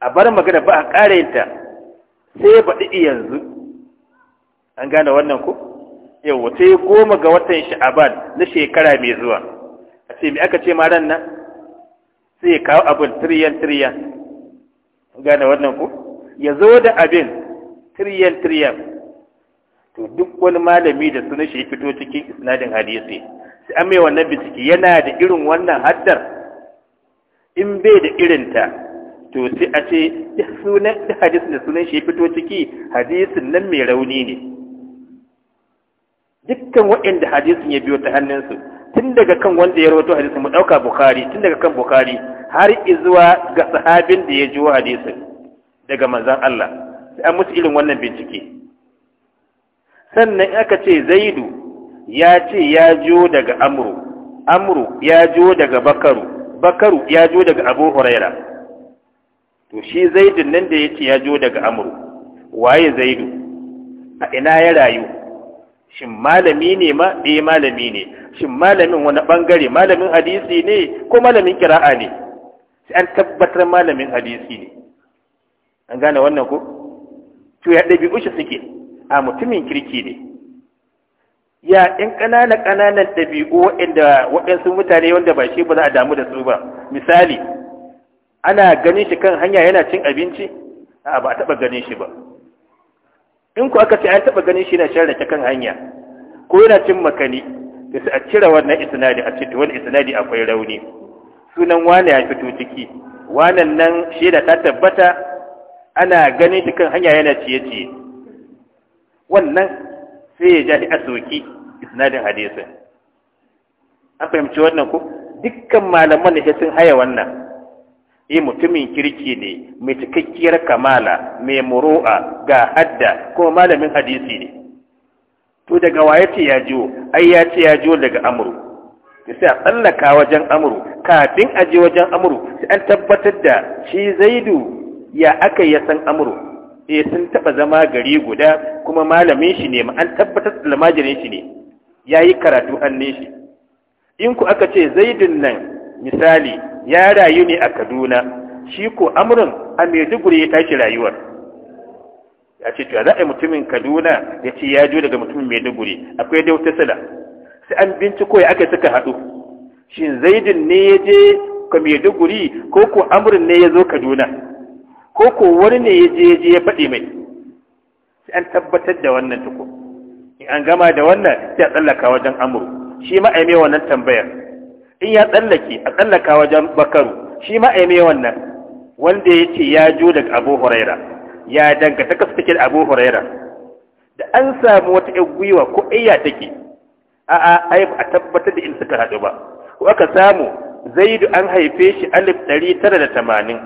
a bar magana ba a ƙare ta sai baɗi yanzu an gane wannan ku yau sai goma ga watan sha'aban na shekara mai zuwa a ce mai aka ce ma ran nan sai kawo abin tiriyan tiriyan gane wannan ku ya zo da abin tiriyan tiriyan to duk wani malami da sunan shi fito cikin isnadin hadisi sai an mai wannan bincike yana da irin wannan haddar in bai da irinta to sai a ce sunan hadisi da sunan shi fito ciki hadisin nan mai rauni ne dukkan waɗanda hadisin ya biyo ta hannunsu tun daga kan wanda ya rawaito hadisin mu dauka bukhari tun daga kan bukhari har izuwa ga sahabin da ya jiwo hadisin daga manzon Allah sai an musu irin wannan bincike sannan aka ce zaidu ya ce ya jiwo daga amru amru ya jiwo daga bakaru bakaru ya jiwo daga abu huraira to shi zaidun nan da ya ce ya jiwo daga amru waye zaidu a ina ya rayu shin malami ne ma eh malami ne shin malamin wani bangare malamin hadisi ne ko malamin kira'a ne sai an tabbatar malamin hadisi ne an gane wannan ko to ya ɗabi ushe suke a mutumin kirki ne ya ɗin ƙananan ƙananan ɗabi'u waɗanda waɗansu mutane wanda ba shi ba za a damu da su ba misali ana ganin shi kan hanya yana cin abinci a ba a taɓa ganin shi ba in ku aka ce an taɓa ganin shi na shan rake kan hanya ko yana cin makani da su a cire wannan isnadi a cikin wani isnadi akwai rauni sunan wane ya fito ciki wanan nan shaida ta tabbata ana ganin shi kan hanya yana ciye-ciye wannan sai ya ja shi a soki isnadin hadisin an fahimci wannan ko dukkan malaman da sun haya wannan yi eh, mutumin kirki ne mai cikakkiyar kamala mai muru'a ga hadda kuma malamin hadisi ne to daga waye ce ya jiwo ai ya ce ya jiwo daga amuru ya sai a tsallaka wajen amuru kafin a je wajen amuru sai an tabbatar da shi zaidu ya aka ya san amuru eh sun taba zama gari guda kuma malamin shi ne an tabbatar da lamajirin shi ne Ya yi karatu an ne shi in ku aka ce zaidun nan misali ya rayu ne a Kaduna shi ko amurin a Maiduguri ya tashi rayuwar A ce to za a yi mutumin kaduna ya ce ya jo daga mutumin maiduguri akwai dai wata sala sai an binciko ya aka suka haɗu shin zaidin ne ya je ka maiduguri ko ko amurin ne ya zo kaduna ko ko wani ne ya je je ya faɗi mai sai an tabbatar da wannan tuko in an gama da wannan sai a tsallaka wajen amuru shi ma a yi wannan tambayar in ya tsallake a tsallaka wajen bakaru shi ma a yi wannan wanda ya ce ya jo daga abu huraira ya danganta kasu take da abu huraira da an samu wata yan gwiwa ko iya take a a ai a tabbatar da in suka haɗu ba ko aka samu zaidu an haife shi alif ɗari tara da tamanin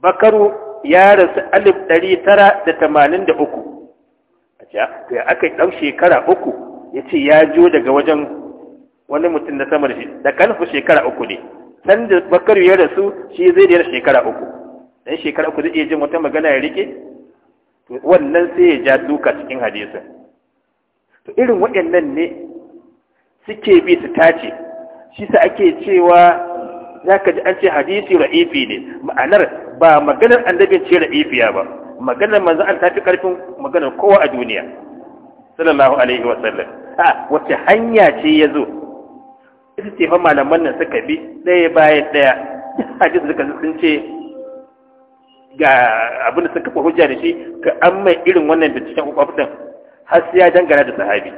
bakaru ya rasu alif ɗari tara da tamanin da uku a to ya aka ɗau shekara uku ya ce ya jo daga wajen wani mutum na samar shi da kanfu shekara uku ne sanda bakaru ya rasu shi zai da shekara uku dan shekara ku zai iya jin wata magana ya rike wannan sai ya ja duka cikin hadisin to irin waɗannan ne suke bi su tace shi sa ake cewa zaka ji an ce hadisi ra'ifi ne ma'anar ba maganar annabi ce ra'ifiya ba maganar manzo an tafi karfin maganar kowa a duniya sallallahu alaihi wa sallam a wace hanya ce yazo ita ce fa malaman nan suka bi ɗaya bayan ɗaya hadisi suka sun ce ga abin da suka hujja da shi ka an mai irin wannan binciken kwakwaf din har sai ya dangana da sahabi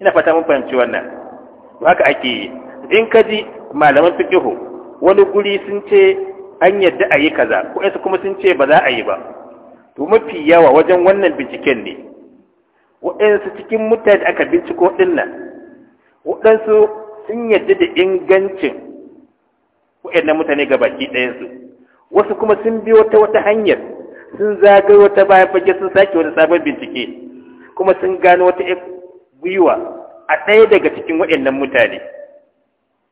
ina fata mun fahimci wannan to haka ake yi in ka ji malaman fiqhu wani guri sun ce an yadda a yi kaza ko yansu kuma sun ce ba za a yi ba to mafi yawa wajen wannan binciken ne waɗansu cikin mutane aka binciko ɗin nan waɗansu sun yadda da ingancin waɗannan mutane ga baki ɗayansu wasu kuma sun biyo ta wata hanyar sun zagayo wata bayan fage sun sake wani sabon bincike kuma sun gano wata gwiwa a ɗaya daga cikin waɗannan mutane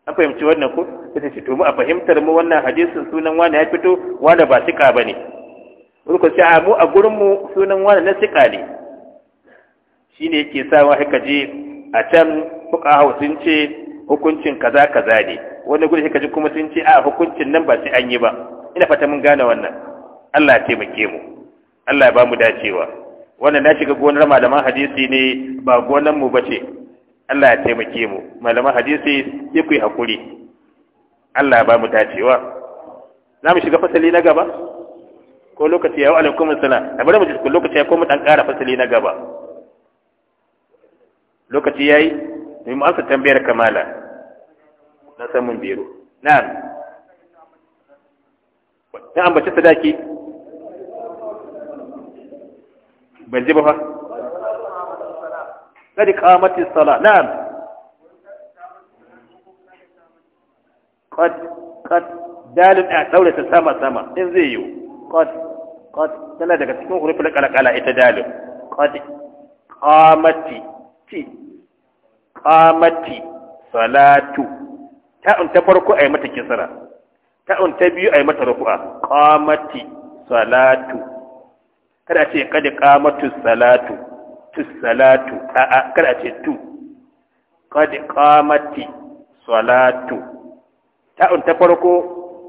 an fahimci wannan ko sai ce to mu a fahimtar mu wannan hadisin sunan wani ya fito wani ba sika bane wani ko sai mu a gurin mu sunan wani na sika ne shine yake sa wa haka je a can fuqaha sun ce hukuncin kaza kaza ne wani gurin haka ji kuma sun ce a hukuncin nan ba sai an yi ba ina fata mun gane wannan Allah ya taimake mu Allah ya ba mu dacewa wannan na shiga gonar malaman hadisi ne ba gonar mu bace Allah ya taimake mu malaman hadisi sai ku yi hakuri Allah ya ba mu dacewa za mu shiga fasali na gaba ko lokaci ya yi alaikum salam a bari mu ji lokaci ya koma dan ƙara fasali na gaba lokaci yayi mu amsa tambayar kamala na san mun biro na'am ya ambaci sadaki ban ji ba fa kadi kamati sala na'am qad qad dalil a daure ta sama sama din zai yi qad qad tana daga cikin hurufin kalakala ita dalil qad qamati ti qamati salatu ta'un ta farko ayi mata kisara Ta un ta biyu a yi mata rufu'a qamati salatu kada ce kada qamatu salatu tu salatu a a kada ce tu kada qamati salatu Ta un ta farko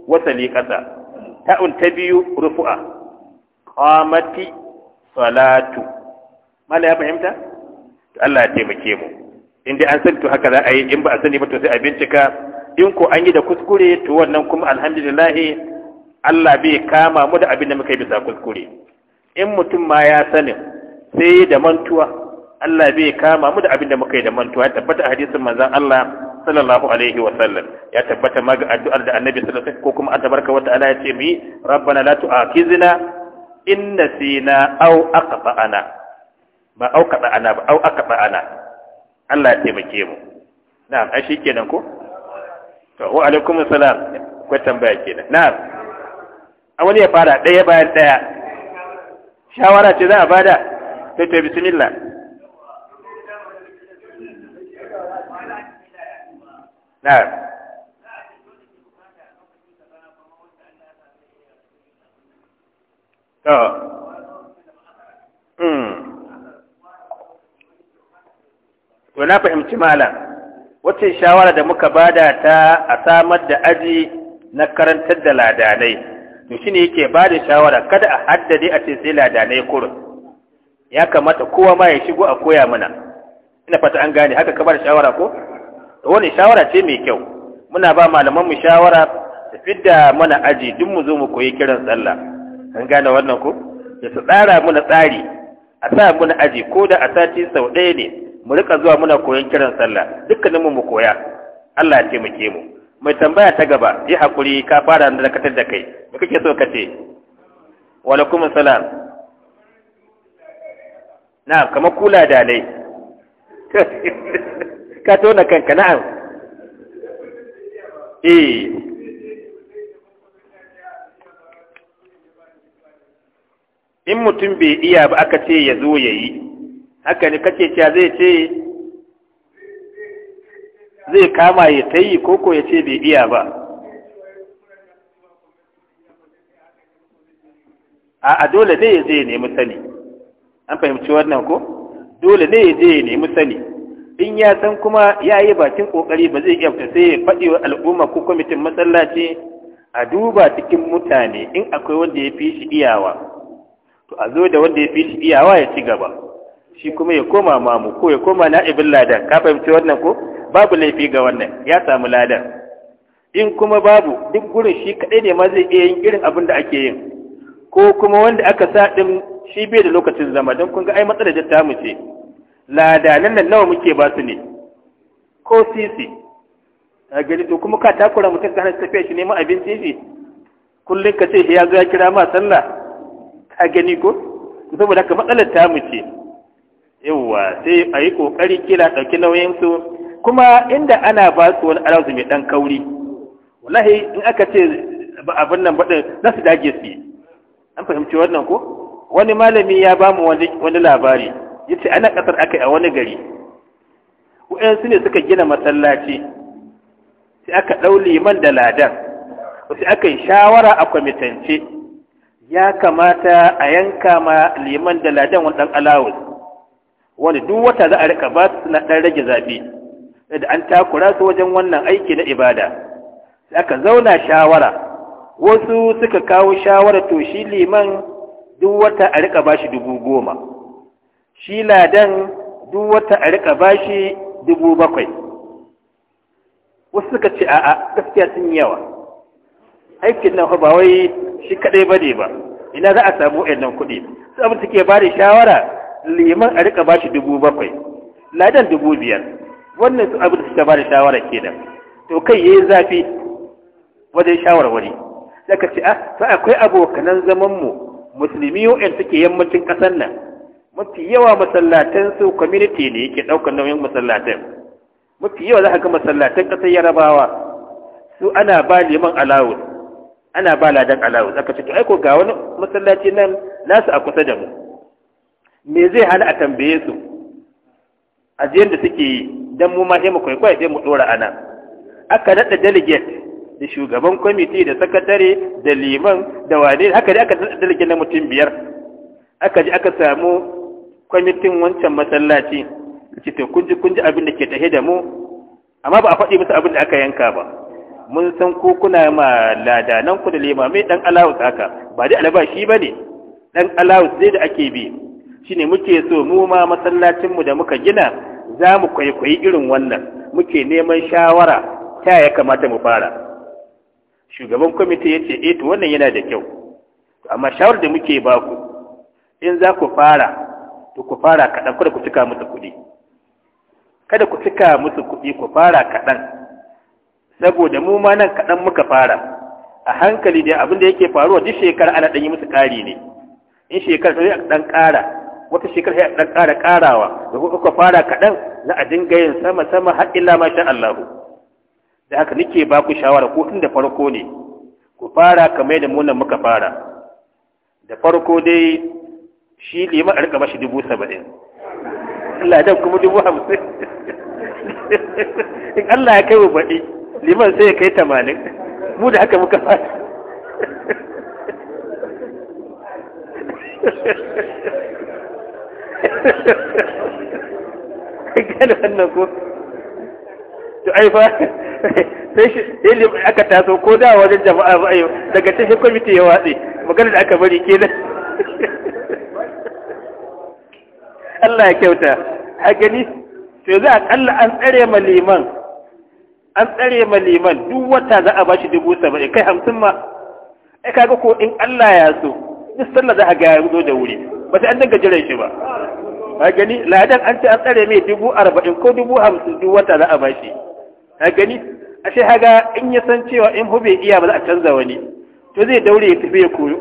wasali Ta un ta biyu rufu'a qamati salatu mala ya fahimta Allah ya taimake mu in dai an san to haka za a yi in ba a sani ba to sai a bincika in ko an yi da kuskure to wannan kuma alhamdulillah Allah bai kama mu da abin da muka yi bisa kuskure in mutum ma ya sani sai yi da mantuwa Allah bai kama mu da abin da muka yi da mantuwa ya tabbata a hadisin manzon Allah sallallahu alaihi wa sallam ya tabbata ma ga addu'ar da annabi sallallahu alaihi ko kuma tabaraka wa ta'ala ya ce mi rabbana la tu'akhizna in nasina aw aqta'ana ba aw aqta'ana ba aw aqta'ana Allah ya taimake mu na'am ai shikenan ko To wa alaikum salam ko tambaya kenan na'am a wani ya fara ɗaya bayan ɗaya shawara ce za a bada to to bismillah na'am to mm to na fahimci malam wacce shawara da muka bada ta a samar da aji na karantar da ladanai to shine yake bada shawara kada a haddade a ce sai ladanai kurin ya kamata kowa ma ya shigo a koya mana ina fata an gane haka ka bada shawara ko wani shawara ce mai kyau muna ba malaman mu shawara su fidda mana aji duk mu zo mu koyi kiran sallah an gane wannan ko ya su tsara mana tsari a sa mana aji ko da a sati sau ɗaya ne mu rika zuwa muna koyon kiran sallah dukkaninmu mu koya Allah ya taimake mu mai tambaya ta gaba yi hakuri ka fara da dakatar da kai me kake so ka ce wa alaikum salam na kamar kula da lai ka tona kanka na'am eh in mutum bai iya ba aka ce ya zo ya yi haka ne kake cewa zai ce zai kama ya ta yi koko ya ce bai iya ba a dole ne ya je ya nemi sani an fahimci wannan ko dole ne ya je ya nemi sani in ya san kuma ya yi bakin kokari ba zai iya fita sai ya faɗi wa al'umma ko kwamitin masallaci a duba cikin mutane in akwai wanda ya fi shi iyawa to a zo da wanda ya fi shi iyawa ya ci gaba shi kuma ya koma mamu ko ya koma na'ibin ladan ka fahimci wannan ko babu laifi ga wannan ya samu ladan in kuma babu duk gurin shi kaɗai ne ma zai iya yin irin abin da ake yin ko kuma wanda aka sa ɗin shi bai da lokacin zama don kun ga ai matsalar da ta mu ce ladanan nan nawa muke ba su ne ko sisi a gari to kuma ka takura mutum ka hana tafiya shi ma abinci shi kullum ka ce ya zo ya kira ma sallah ka gani ko saboda haka matsalar ta mu ce yawwa sai a yi ƙoƙari kila ɗauki nauyinsu kuma inda ana ba su wani arauzu mai ɗan kauri wallahi in aka ce abin nan baɗin za su dage su yi an fahimci wannan ko wani malami ya ba mu wani labari ya ce ana ƙasar aka a wani gari waɗansu ne suka gina masallaci sai aka ɗau liman da ladan sai aka yi shawara a kwamitance ya kamata a yanka ma liman da ladan wani ɗan alawus wani duk wata za a rika ba su na ɗan rage zaɓi da an takura su wajen wannan aiki na ibada sai aka zauna shawara wasu suka kawo shawara to shi liman duk wata a rika ba shi dubu goma shi ladan duk wata a rika ba shi dubu bakwai wasu suka ce a'a gaskiya sun yawa aikin nan ba wai shi kaɗai ba ne ba ina za a samu ɗan kuɗi su abin suke ba da shawara liman a rika bashi dubu bakwai ladan dubu biyar wannan su abin da suka bada shawara ke da. to kai yayi zafi wajen shawarwari ka ce a ah, sai akwai abokanan zaman mu musulmi wa'in suke yammacin ƙasar nan mafi yawa masallatan su community ne yake ɗaukar nauyin masallatan mafi yawa za ka ga masallatan ƙasar yarabawa su ana ba liman alawus ana ba ladan alawus aka ce to ai ko ga wani masallaci nan nasu a kusa da mu me zai hana a tambaye su ajiyar da suke yi don mu ma sai mu kwaikwai sai mu dora ana aka naɗa delegate da shugaban kwamiti da sakatare da liman da wane haka dai aka naɗa delegate na mutum biyar aka ji aka samu kwamitin wancan masallaci ce to kunji kunji abin da ke tahe da mu amma ba a faɗi musu abin da aka yanka ba mun san ku kuna ma ladanan ku da limamai dan alawus haka ba dai albashi ba ne dan alawus zai da ake bi ne muke so mu ma masallacinmu da muka gina za mu kwaikwayi irin wannan muke neman shawara ta ya kamata mu fara shugaban kwamiti ya ce E to wannan yana da kyau amma shawar da muke ba ku in za ku fara to ku fara kaɗan kada ku cika musu kuɗi kada ku cika musu kuɗi ku fara kaɗan saboda mu ma nan kaɗan muka fara a hankali da abin da yake faruwa duk shekara ana ɗanyi musu ƙari ne in shekara sai a ɗan ƙara wata shekara ya dan ƙara ƙarawa da kuka fara kaɗan za a dinga yin sama sama har illa ma sha Allah da haka nake ba ku shawara ko tun da farko ne ku fara kamar da munan muka fara da farko dai shi liman a rika bashi dubu saba'in ladan kuma dubu hamsin in Allah ya kai wa baɗi liman sai ya kai tamanin mu da haka muka fara gane wannan ko to ai fa sai shi ilimi aka taso ko da wajen jama'a ba ayo daga cikin kwamiti ya watsi magana da aka bari kenan Allah ya kyauta a gani to za a kalla an tsare ma liman an tsare ma liman duk wata za a ba shi dubu saba'in kai hamsin ma ai kaga ko in Allah ya so duk sallah za a ga ya zo da wuri ba sai an dinga jiran shi ba a gani ladan an ce an tsare mai dubu arba'in ko dubu hamsin duk wata za a bashi a gani a shi haga in ya san cewa in hube iya ba za a canza wani to zai daure ya tafi ya koyo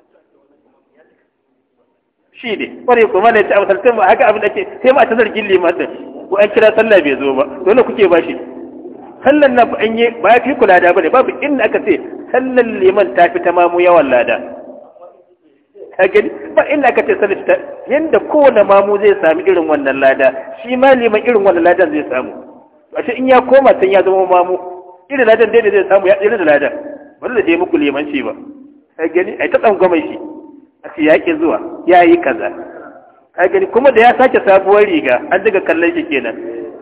shi ne kwarai kuma ne ta amsar ba haka abin da ke sai ma a ta zargin limatin ko an kira sallah bai zo ba dole kuke bashi sallan na an yi ba ya fi kula da ne babu inda aka ce sallan liman ta fi ta mamu yawan lada ka gani ba illa ka ce sanin ta yanda kowane mamu zai sami irin wannan lada shi ma liman irin wannan ladan zai samu ashe in ya koma san ya zama mamu irin ladan dai ne zai samu ya tsira da ladan wanda da je muku limanci ba ka gani ai ta tsangwama shi a ce ya ki zuwa ya yi kaza ka gani kuma da ya sake sabuwar riga an daga kallon shi kenan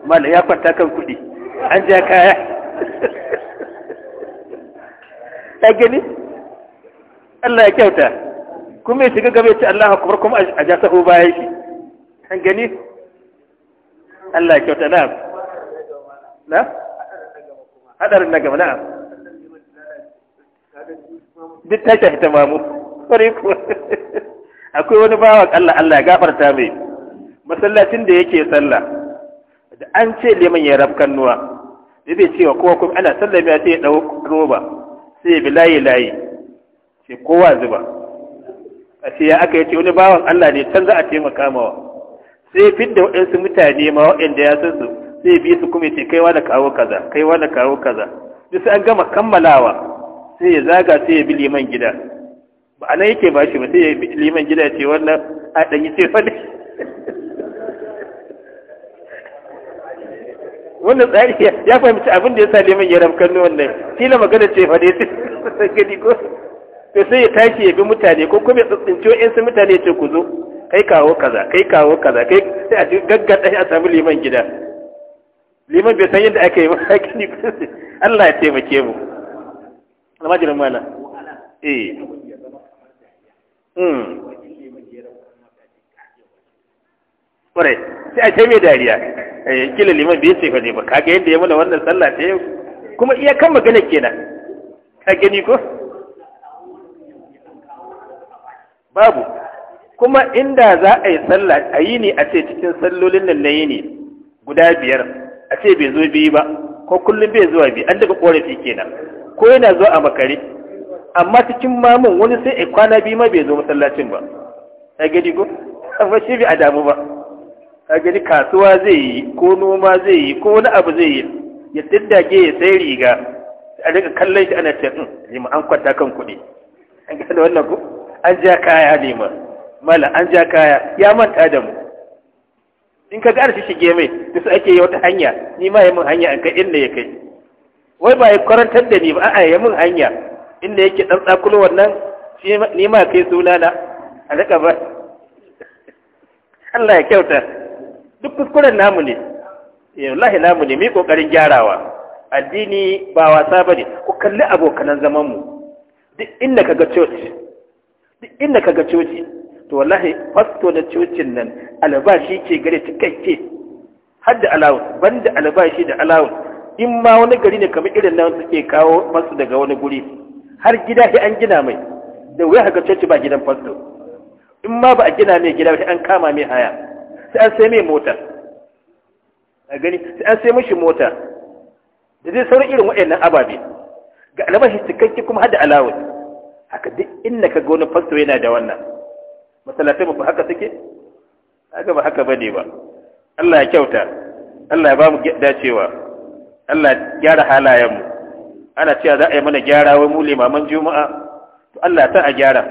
mala ya kwanta kan kuɗi an ja kaya ka gani Allah ya kyauta kuma ya shiga gaba ya ce Allah akbar kuma a ja sahu baya yake an gani Allah ya kyauta na'am na hadarin na gaba na'am duk ta shafi tamamu kwarai kuwa akwai wani bawa Allah Allah ya gafarta mai masallacin da yake sallah da an ce liman ya rafkan nuwa da zai cewa kowa kuma ana sallami ya ce ya ɗau roba sai ya bi layi layi sai kowa zuba a ce ya aka ce wani bawan Allah ne can za a taimaka mawa sai fidda waɗansu mutane ma waɗanda ya san su sai bi su kuma ce kaiwa da kawo kaza kaiwa da kawo kaza duk an gama kammalawa sai ya zaga sai ya bi liman gida ba anan yake ba shi ba sai ya bi liman gida ce wannan a ɗanyi ce wani wannan tsari ya fahimci abin da ya sa liman ya ramkan wannan kila magana ce fa dai sai gani ko to sai ya tashi ya bi mutane ko kuma ya tsintsinci in su mutane ce ku zo kai kawo kaza kai kawo kaza kai sai a gaggada a samu liman gida liman bai san yadda aka yi ba haka ne Allah ya taimake mu amma jira mana eh mm kwarai sai a ce mai dariya eh kila liman bai ce fa ne ba kaga yadda ya mana wannan sallah ta yau kuma iya kan magana kenan ka gani ko babu kuma inda za a yi sallah a yi ne a ce cikin sallolin nan na yi ne guda biyar a ce bai zo biyu ba ko kullum bai zuwa biyu an daga korafi kenan ko yana zuwa a makare amma cikin mamun wani sai a kwana biyu ma bai zo masallacin ba a gani ko amma shi bai a damu ba a gani kasuwa zai yi ko noma zai yi ko wani abu zai yi ya daddage ya sai riga a daga kallon shi ana ce hmm, an kwanta kan kuɗi an gani wannan ko an ja kaya ne ma mala an ja kaya ya manta da mu in ka ga arshi shige mai da su ake yi wata hanya ni ma yi min hanya an kai inda ya kai wai ba ya karantar da ni ba a'a ya min hanya inda yake dan tsakulo wannan ni ma kai sunana a daga ba Allah ya kyauta duk kuskuren namu ne eh, wallahi namu ne mai kokarin gyarawa addini ba wasa bane ku kalli abokanan zaman mu duk inda kaga church duk inda ka ga coci to wallahi fasto da cocin nan albashi ke gare cikakke har da ban banda albashi da alawun. in ma wani gari ne kamar irin nan suke kawo masu daga wani guri har gida sai an gina mai da wuya haka coci ba gidan fasto in ma ba a gina mai gida sai an kama mai haya sai an sai mai mota a gani sai an sai mishi mota da zai sauran irin waɗannan ababe ga albashi cikakke kuma har da alawu. haka duk inda ka ga wani fasto yana da wannan masalatai ba haka suke haka ba haka bane ba Allah ya kyauta Allah ya ba mu dacewa Allah ya gyara halayenmu ana cewa za a yi mana gyara wai mu limaman juma'a to Allah ya a gyara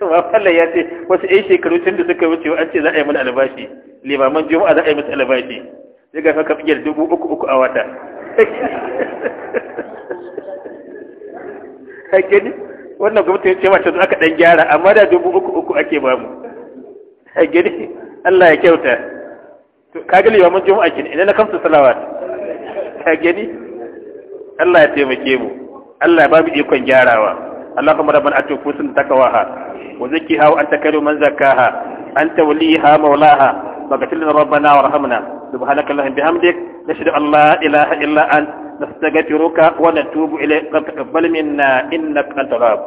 ba falle ya ce wasu ɗan shekaru tun da suka wuce an ce za a yi mana albashi limaman juma'a za a yi mata albashi sai ga ka fiyar dubu uku uku a wata hake ne wannan gwamnati ya ce mata zo aka dan gyara amma da dubu uku uku ake ba mu hake ne Allah ya kyauta to ka gani ba mun ga mu a kin idan na kamsa salawat hake ne Allah ya taimake mu Allah ya ba mu ikon gyarawa اللهم ربنا أتوا فوسنا تكواها وزكيها وأنت خير من زكاها أنت وليها مولاها فاغفر لنا ربنا وارحمنا سبحانك اللهم بحمدك نشهد أن لا إله إلا أنت نستغفرك ونتوب إليك قد تقبل منا إنك أنت الغفور